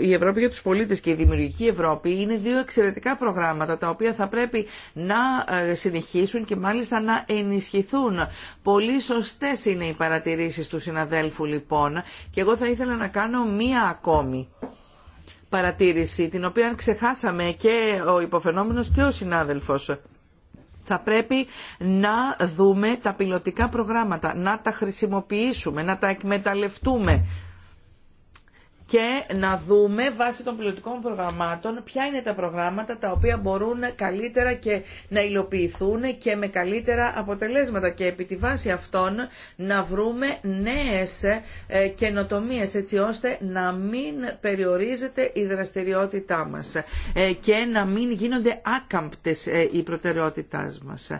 η Ευρώπη για τους πολίτες και η Δημιουργική Ευρώπη είναι δύο εξαιρετικά προγράμματα τα οποία θα πρέπει να συνεχίσουν και μάλιστα να ενισχυθούν. Πολύ σωστές είναι οι παρατηρήσεις του συναδέλφου λοιπόν και εγώ θα ήθελα να κάνω μία ακόμη παρατήρηση την οποία ξεχάσαμε και ο υποφαινόμενος και ο συνάδελφος θα πρέπει να δούμε τα πιλωτικά προγράμματα, να τα χρησιμοποιήσουμε, να τα εκμεταλλευτούμε και να δούμε βάσει των πιλωτικών προγραμμάτων ποια είναι τα προγράμματα τα οποία μπορούν καλύτερα και να υλοποιηθούν και με καλύτερα αποτελέσματα και επί τη βάση αυτών να βρούμε νέες ε, καινοτομίες έτσι ώστε να μην περιορίζεται η δραστηριότητά μας ε, και να μην γίνονται άκαμπτες ε, οι προτεραιότητά μας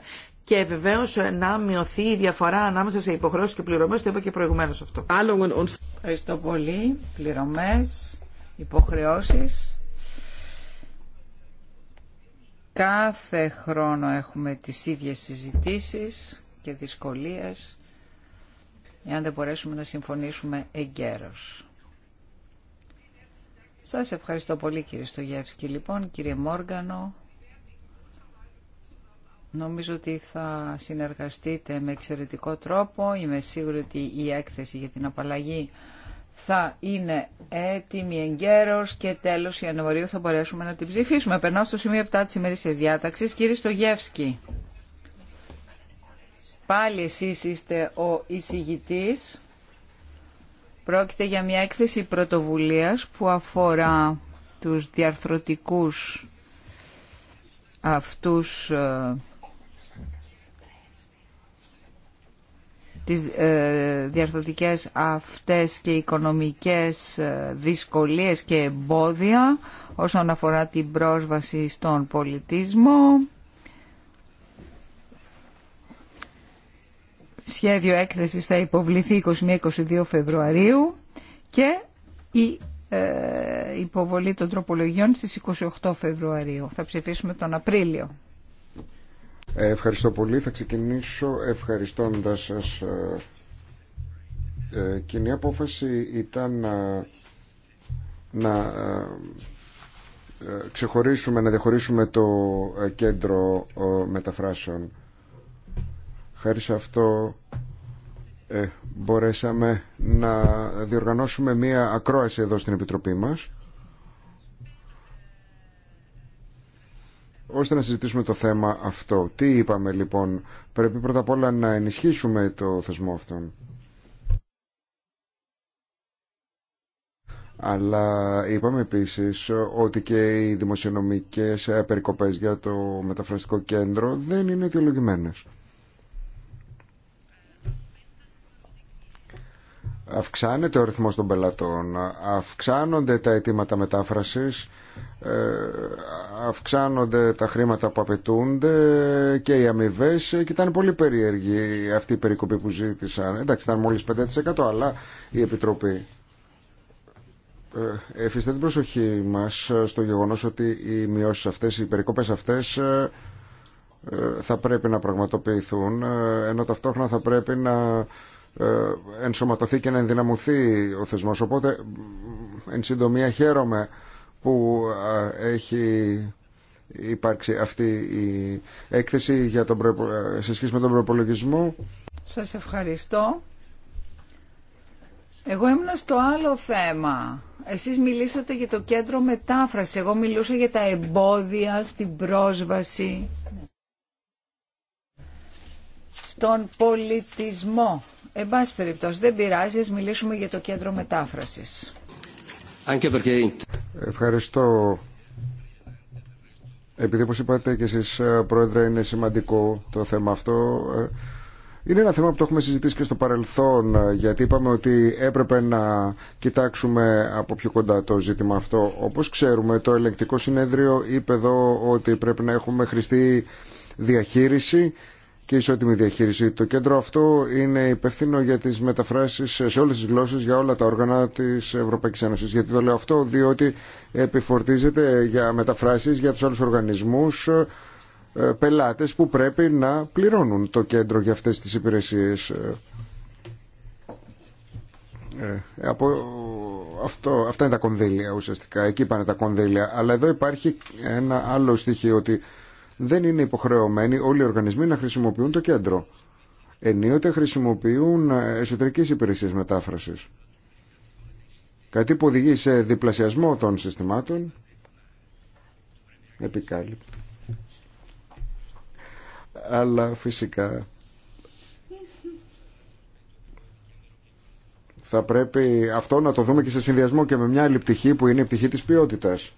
και βεβαίω ε, να μειωθεί η διαφορά ανάμεσα σε υποχρεώσει και πληρωμές, το είπα και προηγουμένω αυτό. Ευχαριστώ πολύ. Πληρωμές, υποχρεώσει. Κάθε χρόνο έχουμε τις ίδιες συζητήσεις και δυσκολίες εάν δεν μπορέσουμε να συμφωνήσουμε εγκαίρως. Σας ευχαριστώ πολύ κύριε Στογεύσκη. Λοιπόν, κύριε Μόργανο, Νομίζω ότι θα συνεργαστείτε με εξαιρετικό τρόπο. Είμαι σίγουρη ότι η έκθεση για την απαλλαγή θα είναι έτοιμη εγκαίρω και τέλος Ιανουαρίου θα μπορέσουμε να την ψηφίσουμε. Περνάω στο σημείο 7 της ημερήσιας διάταξης. Κύριε Στογεύσκη, πάλι εσείς είστε ο εισηγητής. Πρόκειται για μια έκθεση πρωτοβουλίας που αφορά τους διαρθρωτικούς αυτούς ε, τις ε, διαρθωτικές αυτές και οικονομικές ε, δυσκολίες και εμπόδια όσον αφορά την πρόσβαση στον πολιτισμό. Σχέδιο έκθεσης θα υποβληθεί 21-22 Φεβρουαρίου και η ε, υποβολή των τροπολογιών στις 28 Φεβρουαρίου. Θα ψηφίσουμε τον Απρίλιο. Ε, ευχαριστώ πολύ. Θα ξεκινήσω ευχαριστώντας σας. Ε, ε κοινή απόφαση ήταν να, να ε, ξεχωρίσουμε, να διαχωρίσουμε το κέντρο μεταφράσεων. Χάρη σε αυτό μπορέσαμε να διοργανώσουμε μία ακρόαση εδώ στην Επιτροπή μας ώστε να συζητήσουμε το θέμα αυτό. Τι είπαμε λοιπόν, πρέπει πρώτα απ' όλα να ενισχύσουμε το θεσμό αυτόν. Αλλά είπαμε επίσης ότι και οι δημοσιονομικές περικοπές για το μεταφραστικό κέντρο δεν είναι αιτιολογημένες. Αυξάνεται ο ρυθμός των πελατών, αυξάνονται τα αιτήματα μετάφρασης ε, αυξάνονται τα χρήματα που απαιτούνται και οι αμοιβέ και ήταν πολύ περίεργη αυτή η περικοπή που ζήτησαν. Εντάξει, ήταν μόλι 5% αλλά η Επιτροπή εφιστά την προσοχή μας στο γεγονό ότι οι μειώσει αυτές, οι περικόπες αυτές ε, θα πρέπει να πραγματοποιηθούν ε, ενώ ταυτόχρονα θα πρέπει να ενσωματωθεί και να ενδυναμωθεί ο θεσμός. Οπότε, εν συντομία, χαίρομαι που έχει υπάρξει αυτή η έκθεση για τον σε σχέση με τον προπολογισμό. Σας ευχαριστώ. Εγώ ήμουν στο άλλο θέμα. Εσείς μιλήσατε για το κέντρο μετάφραση. Εγώ μιλούσα για τα εμπόδια στην πρόσβαση στον πολιτισμό. Εν πάση περιπτώσει, δεν πειράζει, μιλήσουμε για το κέντρο μετάφρασης. Ευχαριστώ. Επειδή όπως είπατε και εσείς ε, Πρόεδρε είναι σημαντικό το θέμα αυτό. Ε, είναι ένα θέμα που το έχουμε συζητήσει και στο παρελθόν ε, γιατί είπαμε ότι έπρεπε να κοιτάξουμε από πιο κοντά το ζήτημα αυτό. Όπως ξέρουμε το ελεκτικό συνέδριο είπε εδώ ότι πρέπει να έχουμε χρηστή διαχείριση και ισότιμη διαχείριση. Το κέντρο αυτό είναι υπευθύνο για τις μεταφράσεις σε όλες τις γλώσσες για όλα τα όργανα της Ευρωπαϊκής Ένωσης. Γιατί το λέω αυτό, διότι επιφορτίζεται για μεταφράσεις για τους άλλους οργανισμούς ε, πελάτες που πρέπει να πληρώνουν το κέντρο για αυτές τις υπηρεσίες. Ε, ε, από αυτό, αυτά είναι τα κονδύλια ουσιαστικά, εκεί πάνε τα κονδύλια. Αλλά εδώ υπάρχει ένα άλλο στοιχείο ότι δεν είναι υποχρεωμένοι όλοι οι οργανισμοί να χρησιμοποιούν το κέντρο. Ενίοτε χρησιμοποιούν ε, εσωτερικές υπηρεσίε μετάφρασης. Κάτι που οδηγεί σε διπλασιασμό των συστημάτων. Επικάλυπτο. Αλλά φυσικά θα πρέπει αυτό να το δούμε και σε συνδυασμό και με μια άλλη πτυχή που είναι η πτυχή της ποιότητας.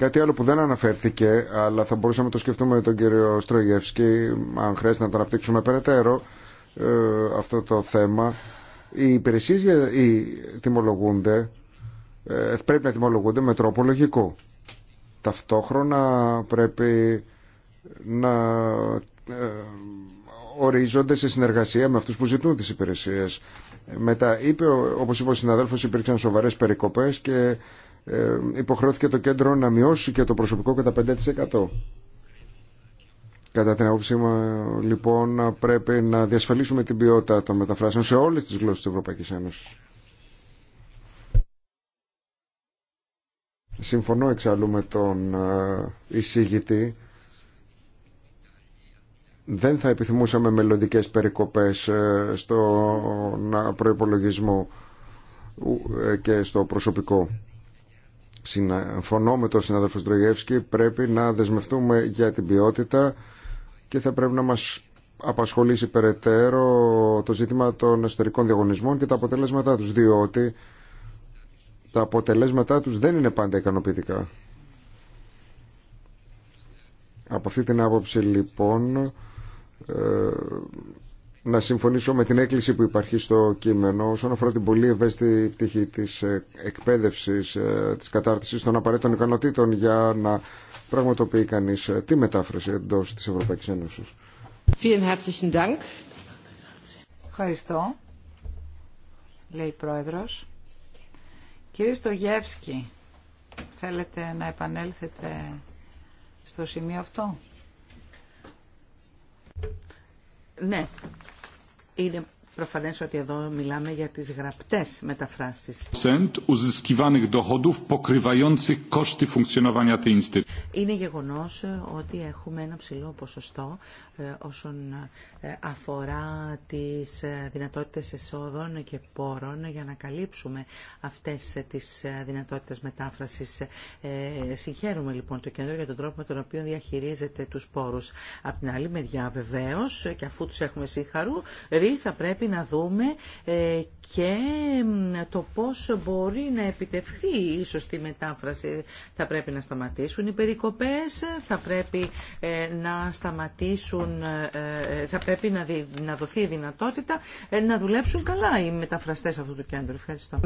Κάτι άλλο που δεν αναφέρθηκε, αλλά θα μπορούσαμε να το σκεφτούμε με τον κύριο Στρογεύσκη, αν χρειάζεται να το αναπτύξουμε περαιτέρω, ε, αυτό το θέμα. Οι υπηρεσίε τιμολογούνται, ε, πρέπει να τιμολογούνται με τρόπο λογικό. Ταυτόχρονα πρέπει να ε, ορίζονται σε συνεργασία με αυτούς που ζητούν τις υπηρεσίες. Μετά είπε, όπως είπε ο συναδέλφος, υπήρξαν σοβαρές περικοπές και ε, υποχρεώθηκε το κέντρο να μειώσει και το προσωπικό κατά 5%. Κατά την άποψή μου, λοιπόν, πρέπει να διασφαλίσουμε την ποιότητα των μεταφράσεων σε όλες τις γλώσσες της Ευρωπαϊκής Ένωσης. Συμφωνώ εξάλλου με τον ε, εισηγητή. Δεν θα επιθυμούσαμε μελλοντικές περικοπές ε, στον προϋπολογισμό και στο προσωπικό συμφωνώ με τον συνάδελφο Στρογεύσκη, πρέπει να δεσμευτούμε για την ποιότητα και θα πρέπει να μας απασχολήσει περαιτέρω το ζήτημα των εσωτερικών διαγωνισμών και τα αποτελέσματά τους, διότι τα αποτελέσματά τους δεν είναι πάντα ικανοποιητικά. Από αυτή την άποψη λοιπόν ε, να συμφωνήσω με την έκκληση που υπάρχει στο κείμενο όσον αφορά την πολύ ευαίσθητη πτυχή της ε, εκπαίδευσης, ε, της κατάρτισης των απαραίτητων ικανοτήτων για να πραγματοποιεί κανείς ε, τη μετάφραση εντός της Ευρωπαϊκής Ένωσης. Ευχαριστώ, λέει η Πρόεδρος. Κύριε Στογεύσκη, θέλετε να επανέλθετε στο σημείο αυτό. Ναι, είναι προφανές ότι εδώ μιλάμε για τις γραπτές μεταφράσεις. Είναι γεγονός ε, ότι έχουμε ένα ψηλό ποσοστό ε, όσον ε, αφορά τις δυνατότητες εσόδων και πόρων για να καλύψουμε αυτές τις δυνατότητες μετάφρασης. Συγχαίρουμε λοιπόν το κέντρο για τον τρόπο με τον οποίο διαχειρίζεται τους πόρους. Απ' την άλλη μεριά βεβαίως και αφού τους έχουμε σύγχαρου, ρί θα πρέπει να δούμε ε, και το πώς μπορεί να επιτευχθεί η σωστή μετάφραση. Θα πρέπει να σταματήσουν οι περικοπές, θα πρέπει ε, να σταματήσουν, ε, θα πρέπει να, να δοθεί η δυνατότητα να δουλέψουν καλά οι μεταφραστές αυτού του κέντρου. Ευχαριστώ.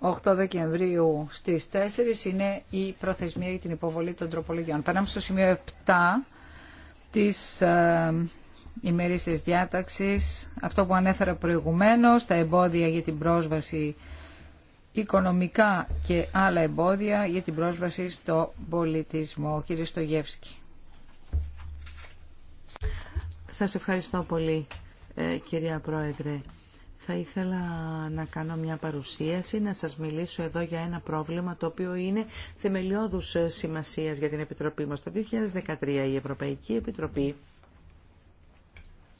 8 Δεκεμβρίου στις 4 είναι η προθεσμία για την υποβολή των τροπολογιών. Περνάμε στο σημείο 7 της ημερήσιες διάταξης, αυτό που ανέφερα προηγουμένως, τα εμπόδια για την πρόσβαση οικονομικά και άλλα εμπόδια για την πρόσβαση στο πολιτισμό. Κύριε Στογεύσκη. Σας ευχαριστώ πολύ, ε, κυρία Πρόεδρε. Θα ήθελα να κάνω μια παρουσίαση, να σας μιλήσω εδώ για ένα πρόβλημα το οποίο είναι θεμελιώδους ε, σημασίας για την Επιτροπή μας. Το 2013 η Ευρωπαϊκή Επιτροπή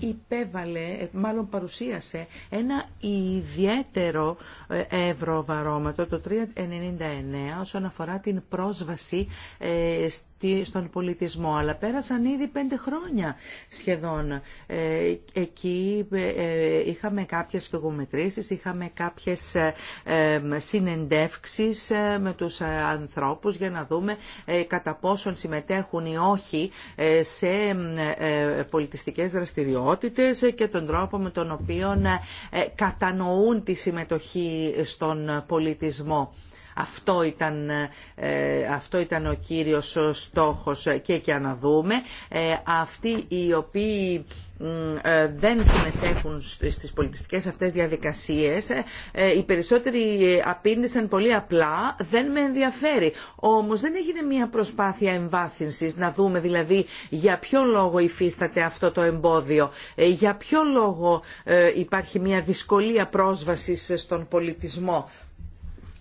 υπέβαλε, μάλλον παρουσίασε ένα ιδιαίτερο ε, ευρωβαρόμετρο το 399 όσον αφορά την πρόσβαση ε, στον πολιτισμό. Αλλά πέρασαν ήδη πέντε χρόνια σχεδόν. Ε, εκεί είχαμε κάποιες φυγομετρήσεις, είχαμε κάποιες συνεντεύξεις με τους ανθρώπους για να δούμε κατά πόσον συμμετέχουν ή όχι σε πολιτιστικές δραστηριότητες δραστηριότητες και τον τρόπο με τον οποίο ε, κατανοούν τη συμμετοχή στον πολιτισμό. Αυτό ήταν, ε, αυτό ήταν ο κύριος στόχος και και αναδούμε. Ε, αυτοί οι οποίοι ε, δεν συμμετέχουν στις πολιτιστικές αυτές διαδικασίες. Οι περισσότεροι απήντησαν πολύ απλά «δεν με ενδιαφέρει». Όμως δεν έγινε μια προσπάθεια εμβάθυνσης να δούμε δηλαδή για ποιο λόγο υφίσταται αυτό το εμπόδιο, για ποιο λόγο υπάρχει μια δυσκολία πρόσβασης στον πολιτισμό.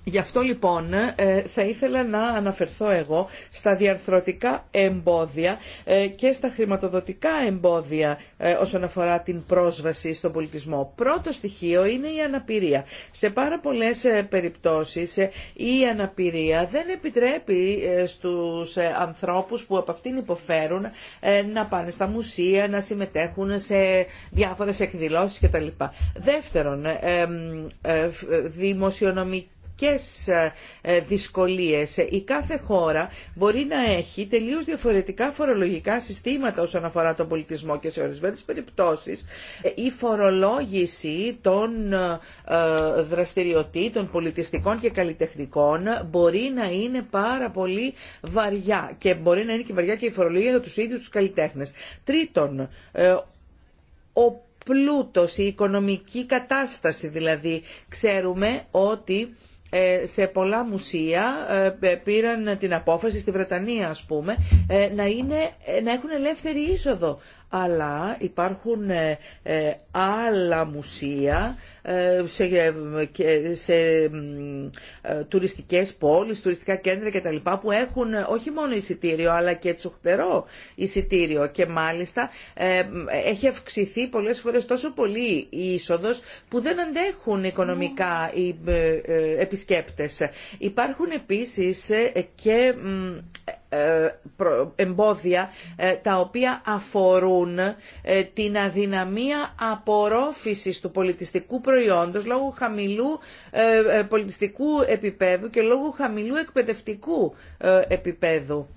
Γι' αυτό λοιπόν ε, θα ήθελα να αναφερθώ εγώ στα διαρθρωτικά εμπόδια ε, και στα χρηματοδοτικά εμπόδια ε, όσον αφορά την πρόσβαση στον πολιτισμό. Πρώτο στοιχείο είναι η αναπηρία. Σε πάρα πολλές περιπτώσεις η αναπηρία δεν επιτρέπει στους ανθρώπους που από αυτήν υποφέρουν να πάνε στα μουσεία, να συμμετέχουν σε διάφορες εκδηλώσεις κτλ. Δεύτερον, δημοσιονομική διαφορετικές ε, ε, δυσκολίες. Η κάθε χώρα μπορεί να έχει τελείως διαφορετικά φορολογικά συστήματα όσον αφορά τον πολιτισμό και σε ορισμένες περιπτώσεις ε, η φορολόγηση των δραστηριοτήτων πολιτιστικών και καλλιτεχνικών μπορεί να είναι πάρα πολύ βαριά και μπορεί να είναι και βαριά και η φορολογία για τους ίδιους τους καλλιτέχνες. Τρίτον, ο πλούτος, η οικονομική κατάσταση δηλαδή. Ξέρουμε ότι ε, σε πολλά μουσεία ε, πήραν την απόφαση στη Βρετανία ας πούμε ε, να, είναι, να έχουν ελεύθερη είσοδο αλλά υπάρχουν άλλα μουσεία ε, σε, ε, σε ε, τουριστικές πόλεις, τουριστικά κέντρα λοιπά που έχουν όχι μόνο εισιτήριο αλλά και τσουχτερό εισιτήριο και μάλιστα έχει αυξηθεί πολλές φορές τόσο πολύ η είσοδος που δεν αντέχουν οικονομικά οι επισκέπτες. Υπάρχουν επίσης και ε, εμπόδια ε, τα οποία αφορούν ε, την αδυναμία απορρόφησης του πολιτιστικού προϊόντος λόγω χαμηλού πολιτιστικού επίπεδου και λόγω χαμηλού εκπαιδευτικού επίπεδου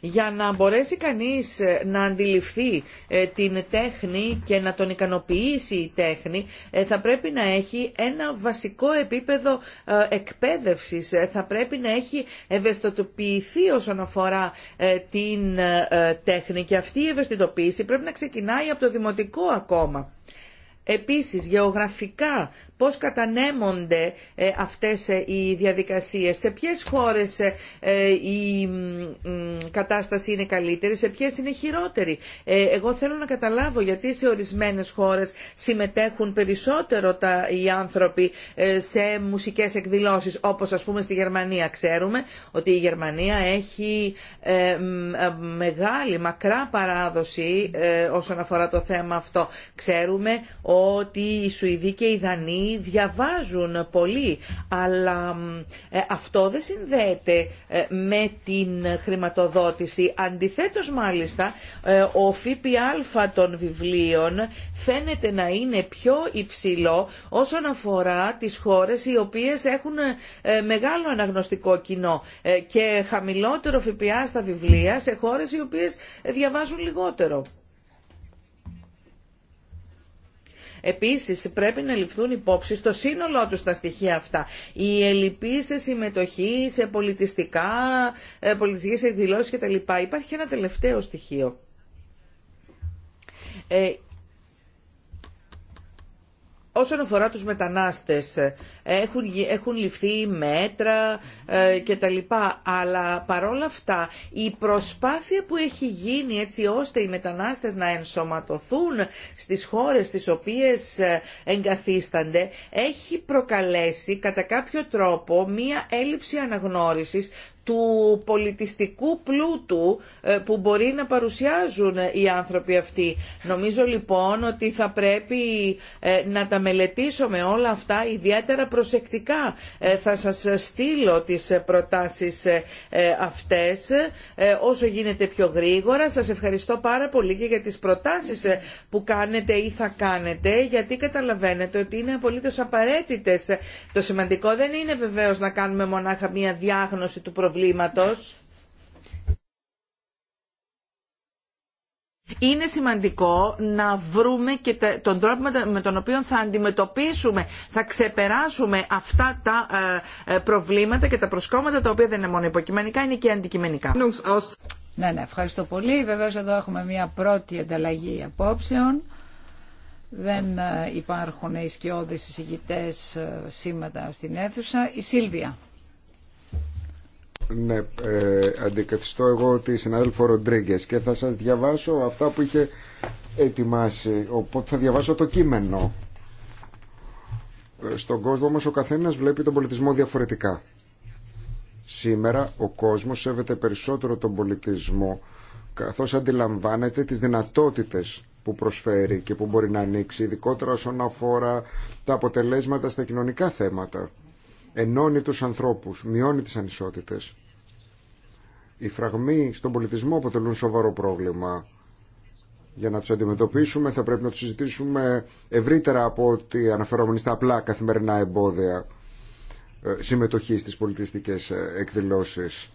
για να μπορέσει κανείς ε, να αντιληφθεί ε, την τέχνη και να τον ικανοποιήσει η τέχνη ε, θα πρέπει να έχει ένα βασικό επίπεδο εκπαίδευσης, θα πρέπει να έχει ευαισθητοποιηθεί όσον αφορά την τέχνη και αυτή η ευαισθητοποίηση πρέπει να ξεκινάει από το δημοτικό ακόμα. Επίσης, γεωγραφικά πώς κατανέμονται ε, αυτές ε, οι διαδικασίες, σε ποιες χώρες ε, η κατάσταση είναι καλύτερη, σε ποιες είναι χειρότερη. Εγώ θέλω να καταλάβω γιατί σε ορισμένες χώρες συμμετέχουν περισσότερο τα, οι άνθρωποι σε μουσικές εκδηλώσεις, όπως ας πούμε στη Γερμανία. Ξέρουμε ότι η Γερμανία έχει μεγάλη, μακρά παράδοση όσον αφορά το θέμα αυτό. Ξέρουμε ότι οι Σουηδοί και οι Δανείοι διαβάζουν πολύ, αλλά ε, αυτό δεν συνδέεται ε, με την χρηματοδότηση. Αντιθέτως μάλιστα, ε, ο ΦΠΑ των βιβλίων φαίνεται να είναι πιο υψηλό όσον αφορά τις χώρες οι οποίες έχουν μεγάλο αναγνωστικό κοινό και χαμηλότερο ΦΠΑ στα βιβλία σε χώρες οι οποίες διαβάζουν λιγότερο. Επίσης πρέπει να ληφθούν υπόψη στο σύνολό του τα στοιχεία αυτά. Η ελλειπή σε συμμετοχή, σε πολιτιστικά, ε, πολιτιστικέ εκδηλώσει κτλ. Υπάρχει ένα τελευταίο στοιχείο ε, Όσον αφορά τους μετανάστες, έχουν, έχουν ληφθεί μέτρα ε, και τα λοιπά, αλλά παρόλα αυτά η προσπάθεια που έχει γίνει έτσι ώστε οι μετανάστες να ενσωματωθούν στις χώρες τις οποίες ε, εγκαθίστανται έχει προκαλέσει κατά κάποιο τρόπο μία έλλειψη αναγνώρισης του πολιτιστικού πλούτου ε, που μπορεί να παρουσιάζουν ε, οι άνθρωποι αυτοί. Νομίζω λοιπόν ότι θα πρέπει ε, να τα μελετήσουμε όλα αυτά ιδιαίτερα προσεκτικά. Θα σας στείλω τις προτάσεις αυτές όσο γίνεται πιο γρήγορα. Σας ευχαριστώ πάρα πολύ και για τις προτάσεις που κάνετε ή θα κάνετε γιατί καταλαβαίνετε ότι είναι απολύτως απαραίτητες. Το σημαντικό δεν είναι βεβαίως να κάνουμε μονάχα μία διάγνωση του προβλήματος προβλήματος είναι σημαντικό να βρούμε και τον τρόπο με τον οποίο θα αντιμετωπίσουμε, θα ξεπεράσουμε αυτά τα ε, ε, προβλήματα και τα προσκόμματα τα οποία δεν είναι μόνο υποκειμενικά, είναι και αντικειμενικά. Ναι, ναι, ευχαριστώ πολύ. Βεβαίως εδώ έχουμε μια πρώτη ανταλλαγή απόψεων. Δεν ε, υπάρχουν ισκιώδεις συζητητές σήματα στην αίθουσα. Η Σίλβια. Ναι, ε, αντικαθιστώ εγώ τη συνάδελφο Ροντρίγκε και θα σα διαβάσω αυτά που είχε ετοιμάσει. Οπότε θα διαβάσω το κείμενο. Ε, στον κόσμο όμω ο καθένας βλέπει τον πολιτισμό διαφορετικά. Σήμερα ο κόσμος σέβεται περισσότερο τον πολιτισμό καθώς αντιλαμβάνεται τις δυνατότητες που προσφέρει και που μπορεί να ανοίξει ειδικότερα όσον αφορά τα αποτελέσματα στα κοινωνικά θέματα ενώνει τους ανθρώπους, μειώνει τις ανισότητες. Οι φραγμοί στον πολιτισμό αποτελούν σοβαρό πρόβλημα. Για να τους αντιμετωπίσουμε θα πρέπει να τους συζητήσουμε ευρύτερα από ότι αναφερόμενοι στα απλά καθημερινά εμπόδια ε, συμμετοχή στις πολιτιστικές ε, εκδηλώσεις.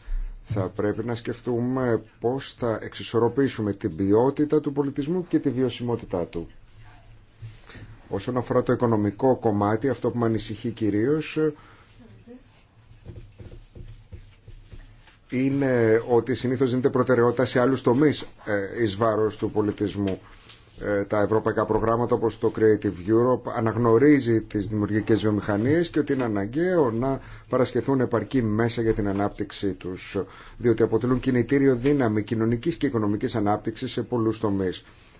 Θα πρέπει να σκεφτούμε πώς θα εξισορροπήσουμε την ποιότητα του πολιτισμού και τη βιωσιμότητά του. Όσον αφορά το οικονομικό κομμάτι, αυτό που με ανησυχεί κυρίως είναι ότι συνήθω δίνεται προτεραιότητα σε άλλους τομείς ε, ει βάρο του πολιτισμού. Ε, τα ευρωπαϊκά προγράμματα όπω το Creative Europe αναγνωρίζει τι δημιουργικέ βιομηχανίε και ότι είναι αναγκαίο να παρασκεθούν επαρκή μέσα για την ανάπτυξή του, διότι αποτελούν κινητήριο δύναμη κοινωνική και οικονομική ανάπτυξη σε πολλού τομεί.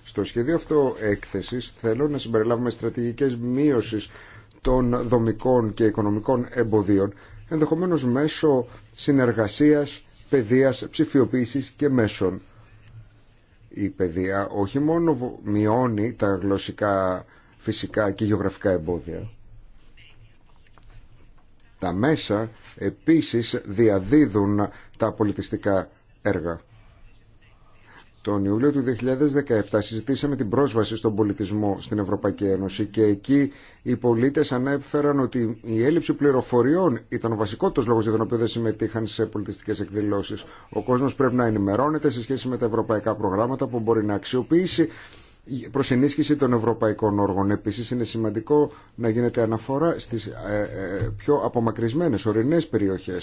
Στο σχέδιο αυτό έκθεση θέλω να συμπεριλάβουμε στρατηγικέ μείωση των δομικών και οικονομικών εμποδίων, Ενδεχομένω μέσω συνεργασίας, παιδείας, ψηφιοποίησης και μέσων. Η παιδεία όχι μόνο μειώνει τα γλωσσικά, φυσικά και γεωγραφικά εμπόδια. Τα μέσα επίσης διαδίδουν τα πολιτιστικά έργα. Τον Ιούλιο του 2017 συζητήσαμε την πρόσβαση στον πολιτισμό στην Ευρωπαϊκή Ένωση και εκεί οι πολίτε ανέφεραν ότι η έλλειψη πληροφοριών ήταν ο βασικότερο λόγος για τον οποίο δεν συμμετείχαν σε πολιτιστικές εκδηλώσεις. Ο κόσμος πρέπει να ενημερώνεται σε σχέση με τα ευρωπαϊκά προγράμματα που μπορεί να αξιοποιήσει προ ενίσχυση των ευρωπαϊκών όργων. Επίση, είναι σημαντικό να γίνεται αναφορά στι ε, ε, πιο απομακρυσμένε, ορεινέ περιοχέ.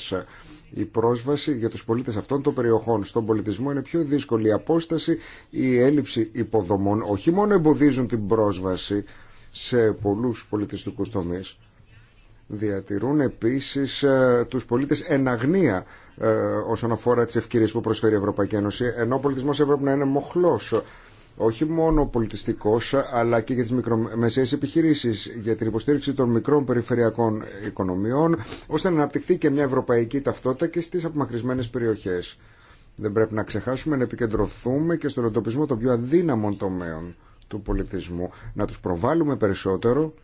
Η πρόσβαση για τους πολίτες αυτών των περιοχών στον πολιτισμό είναι πιο δύσκολη. Η απόσταση, η έλλειψη υποδομών όχι μόνο εμποδίζουν την πρόσβαση σε πολλούς πολιτιστικούς τομείς, διατηρούν επίσης ε, τους πολίτες εν αγνία όσον αφορά τις ευκαιρίες που προσφέρει η Ευρωπαϊκή Ένωση, ενώ ο πολιτισμός έπρεπε να είναι μοχλός όχι μόνο πολιτιστικό, αλλά και για τι μικρομεσαίες επιχειρήσει για την υποστήριξη των μικρών περιφερειακών οικονομιών ώστε να αναπτυχθεί και μια ευρωπαϊκή ταυτότητα και στι απομακρυσμένες περιοχέ. Δεν πρέπει να ξεχάσουμε να επικεντρωθούμε και στον εντοπισμό των πιο αδύναμων τομέων του πολιτισμού, να του προβάλλουμε περισσότερο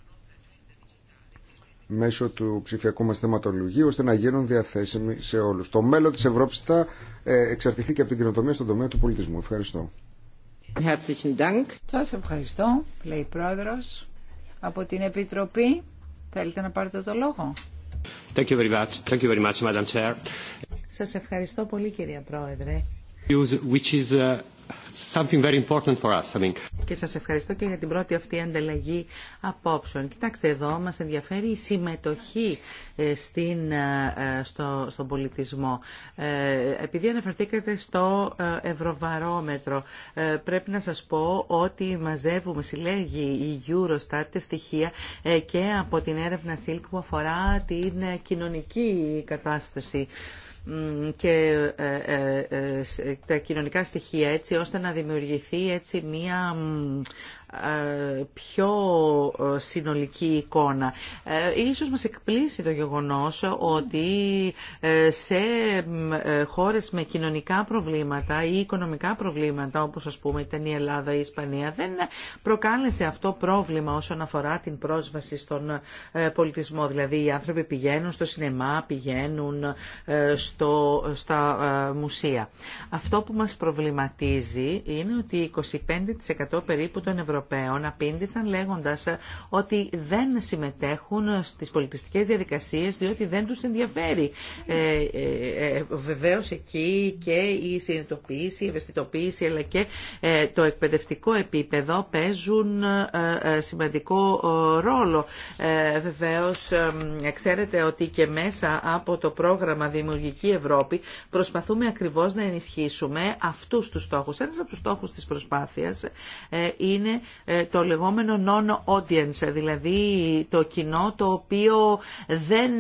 μέσω του ψηφιακού μας θεματολογίου ώστε να γίνουν διαθέσιμοι σε όλους. Το μέλλον της Ευρώπης θα ε, εξαρτηθεί και από την κοινοτομία στον τομέα του πολιτισμού. Ευχαριστώ. Σας ευχαριστώ, λέει η Πρόεδρος. Από την Επιτροπή, θέλετε να πάρετε το λόγο. Thank Σας ευχαριστώ πολύ, κυρία Πρόεδρε. Uh, και σας ευχαριστώ και για την πρώτη αυτή ανταλλαγή απόψεων. Κοιτάξτε εδώ, μας ενδιαφέρει η συμμετοχή ε, στην, ε, ε, στον πολιτισμό. Επειδή αναφερθήκατε στο ευρωβαρόμετρο, πρέπει να σας πω ότι μαζεύουμε, συλλέγει η Eurostat στοιχεία και από την έρευνα SILK που αφορά την κοινωνική κατάσταση και ε, ε, ε, τα κοινωνικά στοιχεία έτσι ώστε να δημιουργηθεί έτσι μία ε, πιο ε, συνολική εικόνα. Ε, ίσως μας εκπλήσει το γεγονός ότι σε χώρες με κοινωνικά προβλήματα ή οικονομικά προβλήματα, όπως ας πούμε ήταν η Ελλάδα ή η Ισπανία, δεν προκάλεσε αυτό πρόβλημα όσον αφορά την πρόσβαση στον πολιτισμό. Δηλαδή οι άνθρωποι πηγαίνουν στο σινεμά, πηγαίνουν στο, στα μουσεία. Αυτό που μας προβληματίζει είναι ότι 25% περίπου των Ευρωπαίων Ευρωπαίων απήντησαν λέγοντας ότι δεν συμμετέχουν στις πολιτιστικές διαδικασίες διότι δεν τους ενδιαφέρει. Ε, ε, ε βεβαίως εκεί και η συνειδητοποίηση, η ευαισθητοποίηση αλλά και ε, το εκπαιδευτικό επίπεδο παίζουν σημαντικό ρόλο. Βεβαίως ξέρετε ότι και μέσα από το πρόγραμμα Δημιουργική Ευρώπη προσπαθούμε ακριβώς να ενισχύσουμε αυτούς τους στόχους. Ένας από τους στόχους της προσπάθειας είναι ε, το λεγόμενο non-audience, δηλαδή το κοινό το οποίο δεν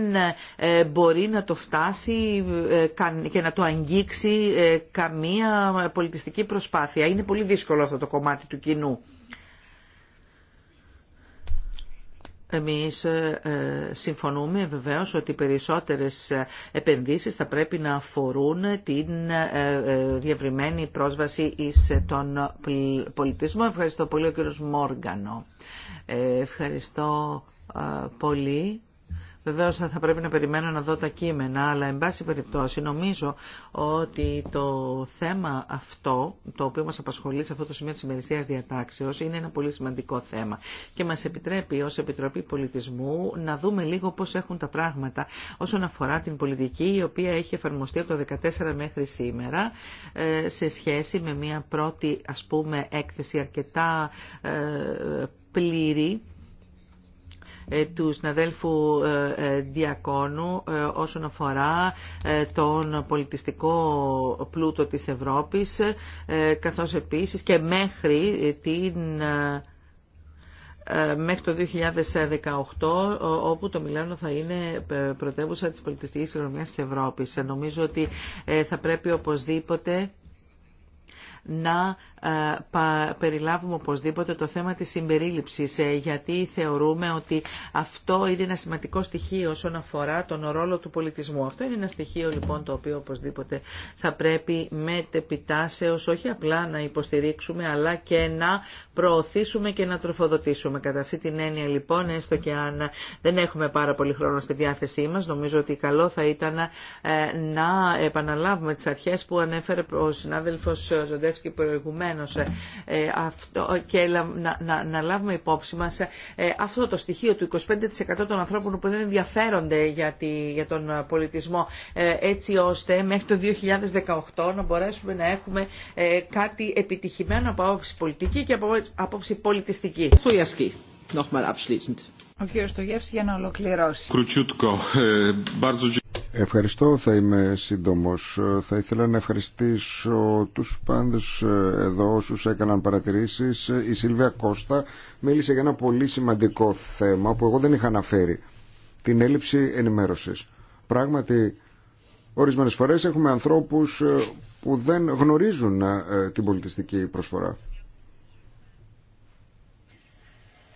ε, μπορεί να το φτάσει ε, και να το αγγίξει καμία πολιτιστική προσπάθεια. Είναι πολύ δύσκολο αυτό το κομμάτι του κοινού. Εμείς ε, ε, συμφωνούμε βεβαίως ότι περισσότερες ε, επενδύσεις θα πρέπει να αφορούν την διευρυμένη πρόσβαση εις τον πολιτισμό. Ευχαριστώ πολύ ο κύριος Μόργανο. Ευχαριστώ πολύ. Βεβαίω, θα πρέπει να περιμένω να δω τα κείμενα, αλλά εν πάση περιπτώσει νομίζω ότι το θέμα αυτό, το οποίο μας απασχολεί σε αυτό το σημείο της ημερησία διατάξεως, είναι ένα πολύ σημαντικό θέμα και μας επιτρέπει ω Επιτροπή Πολιτισμού να δούμε λίγο πώς έχουν τα πράγματα όσον αφορά την πολιτική η οποία έχει εφαρμοστεί από το 2014 μέχρι σήμερα ε, σε σχέση με μια πρώτη ας πούμε έκθεση αρκετά ε, πλήρη ε, του συναδέλφου ε, ε, Διακόνου όσον αφορά τον πολιτιστικό πλούτο της Ευρώπης καθώς επίσης και μέχρι την μέχρι το 2018 όπου το Μιλάνο θα είναι πρωτεύουσα της πολιτιστικής οικονομίας της Ευρώπης. Νομίζω ότι θα πρέπει οπωσδήποτε να περιλάβουμε οπωσδήποτε το θέμα της συμπερίληψης ε, γιατί θεωρούμε ότι αυτό είναι ένα σημαντικό στοιχείο όσον αφορά τον ρόλο του πολιτισμού. Αυτό είναι ένα στοιχείο λοιπόν το οποίο οπωσδήποτε θα πρέπει με τεπιτάσεως όχι απλά να υποστηρίξουμε αλλά και να προωθήσουμε και να τροφοδοτήσουμε. Κατά αυτή την έννοια λοιπόν έστω και αν δεν έχουμε πάρα πολύ χρόνο στη διάθεσή μας νομίζω ότι καλό θα ήταν ε, να επαναλάβουμε τις αρχές που ανέφερε ο συνάδελφος Ζοντεύσκη προηγουμένως ε, ε, και να, να, να λάβουμε υπόψη μας ε, αυτό το στοιχείο του 25% των ανθρώπων που δεν ενδιαφέρονται για, για τον πολιτισμό έτσι ώστε μέχρι το 2018 να μπορέσουμε να έχουμε κάτι επιτυχημένο από άποψη πολιτική και από άποψη πολιτιστική. Ο κύριος για να ολοκληρώσει. Ευχαριστώ, θα είμαι σύντομος. Θα ήθελα να ευχαριστήσω τους πάντες εδώ όσους έκαναν παρατηρήσεις. Η Σίλβια Κώστα μίλησε για ένα πολύ σημαντικό θέμα που εγώ δεν είχα αναφέρει. Την έλλειψη ενημέρωσης. Πράγματι, ορισμένες φορές έχουμε ανθρώπους ε, που δεν γνωρίζουν ε, την πολιτιστική προσφορά.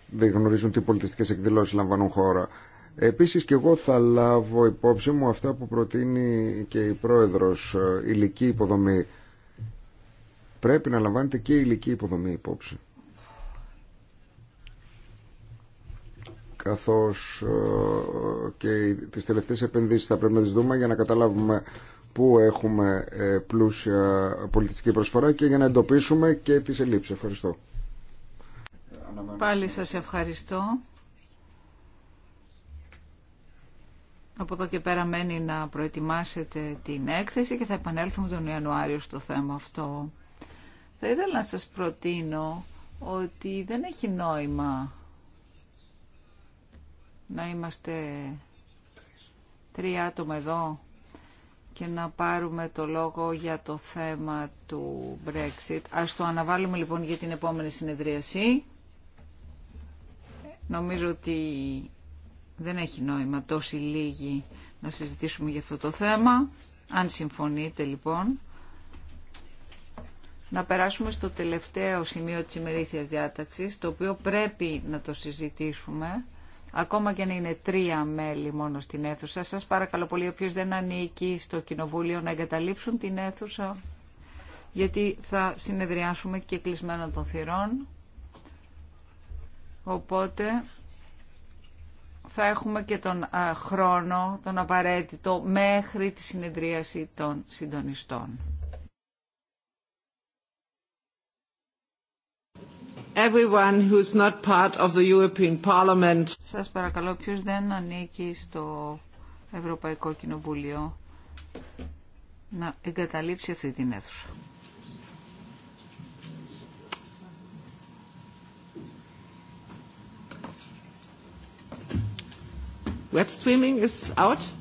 Δεν γνωρίζουν τι πολιτιστικές εκδηλώσεις λαμβάνουν χώρα. Επίσης και εγώ θα λάβω υπόψη μου αυτά που προτείνει και η Πρόεδρος ε, ηλική υποδομή. Πρέπει να λαμβάνετε και ηλική υποδομή υπόψη. Καθώς ε, και τις τελευταίες επενδύσεις θα πρέπει να τις δούμε για να καταλάβουμε πού έχουμε ε, πλούσια πολιτιστική προσφορά και για να εντοπίσουμε και τις ελλείψεις. Ευχαριστώ. Πάλι σας ευχαριστώ. Από εδώ και πέρα μένει να προετοιμάσετε την έκθεση και θα επανέλθουμε τον Ιανουάριο στο θέμα αυτό. Θα ήθελα να σας προτείνω ότι δεν έχει νόημα να είμαστε τρία άτομα εδώ και να πάρουμε το λόγο για το θέμα του Brexit. Ας το αναβάλουμε λοιπόν για την επόμενη συνεδρίαση. Νομίζω ότι δεν έχει νόημα τόσοι λίγοι να συζητήσουμε για αυτό το θέμα. Αν συμφωνείτε λοιπόν, να περάσουμε στο τελευταίο σημείο της ημερήθειας διάταξης, το οποίο πρέπει να το συζητήσουμε, ακόμα και να είναι τρία μέλη μόνο στην αίθουσα. Σας παρακαλώ πολύ, όποιος δεν ανήκει στο Κοινοβούλιο, να εγκαταλείψουν την αίθουσα, γιατί θα συνεδριάσουμε και κλεισμένο των θυρών. Οπότε θα έχουμε και τον χρόνο, τον απαραίτητο, μέχρι τη συνεδρίαση των συντονιστών. Everyone not part of the European Parliament. Σας παρακαλώ, ποιος δεν ανήκει στο Ευρωπαϊκό Κοινοβούλιο να εγκαταλείψει αυτή την αίθουσα. Web streaming is out.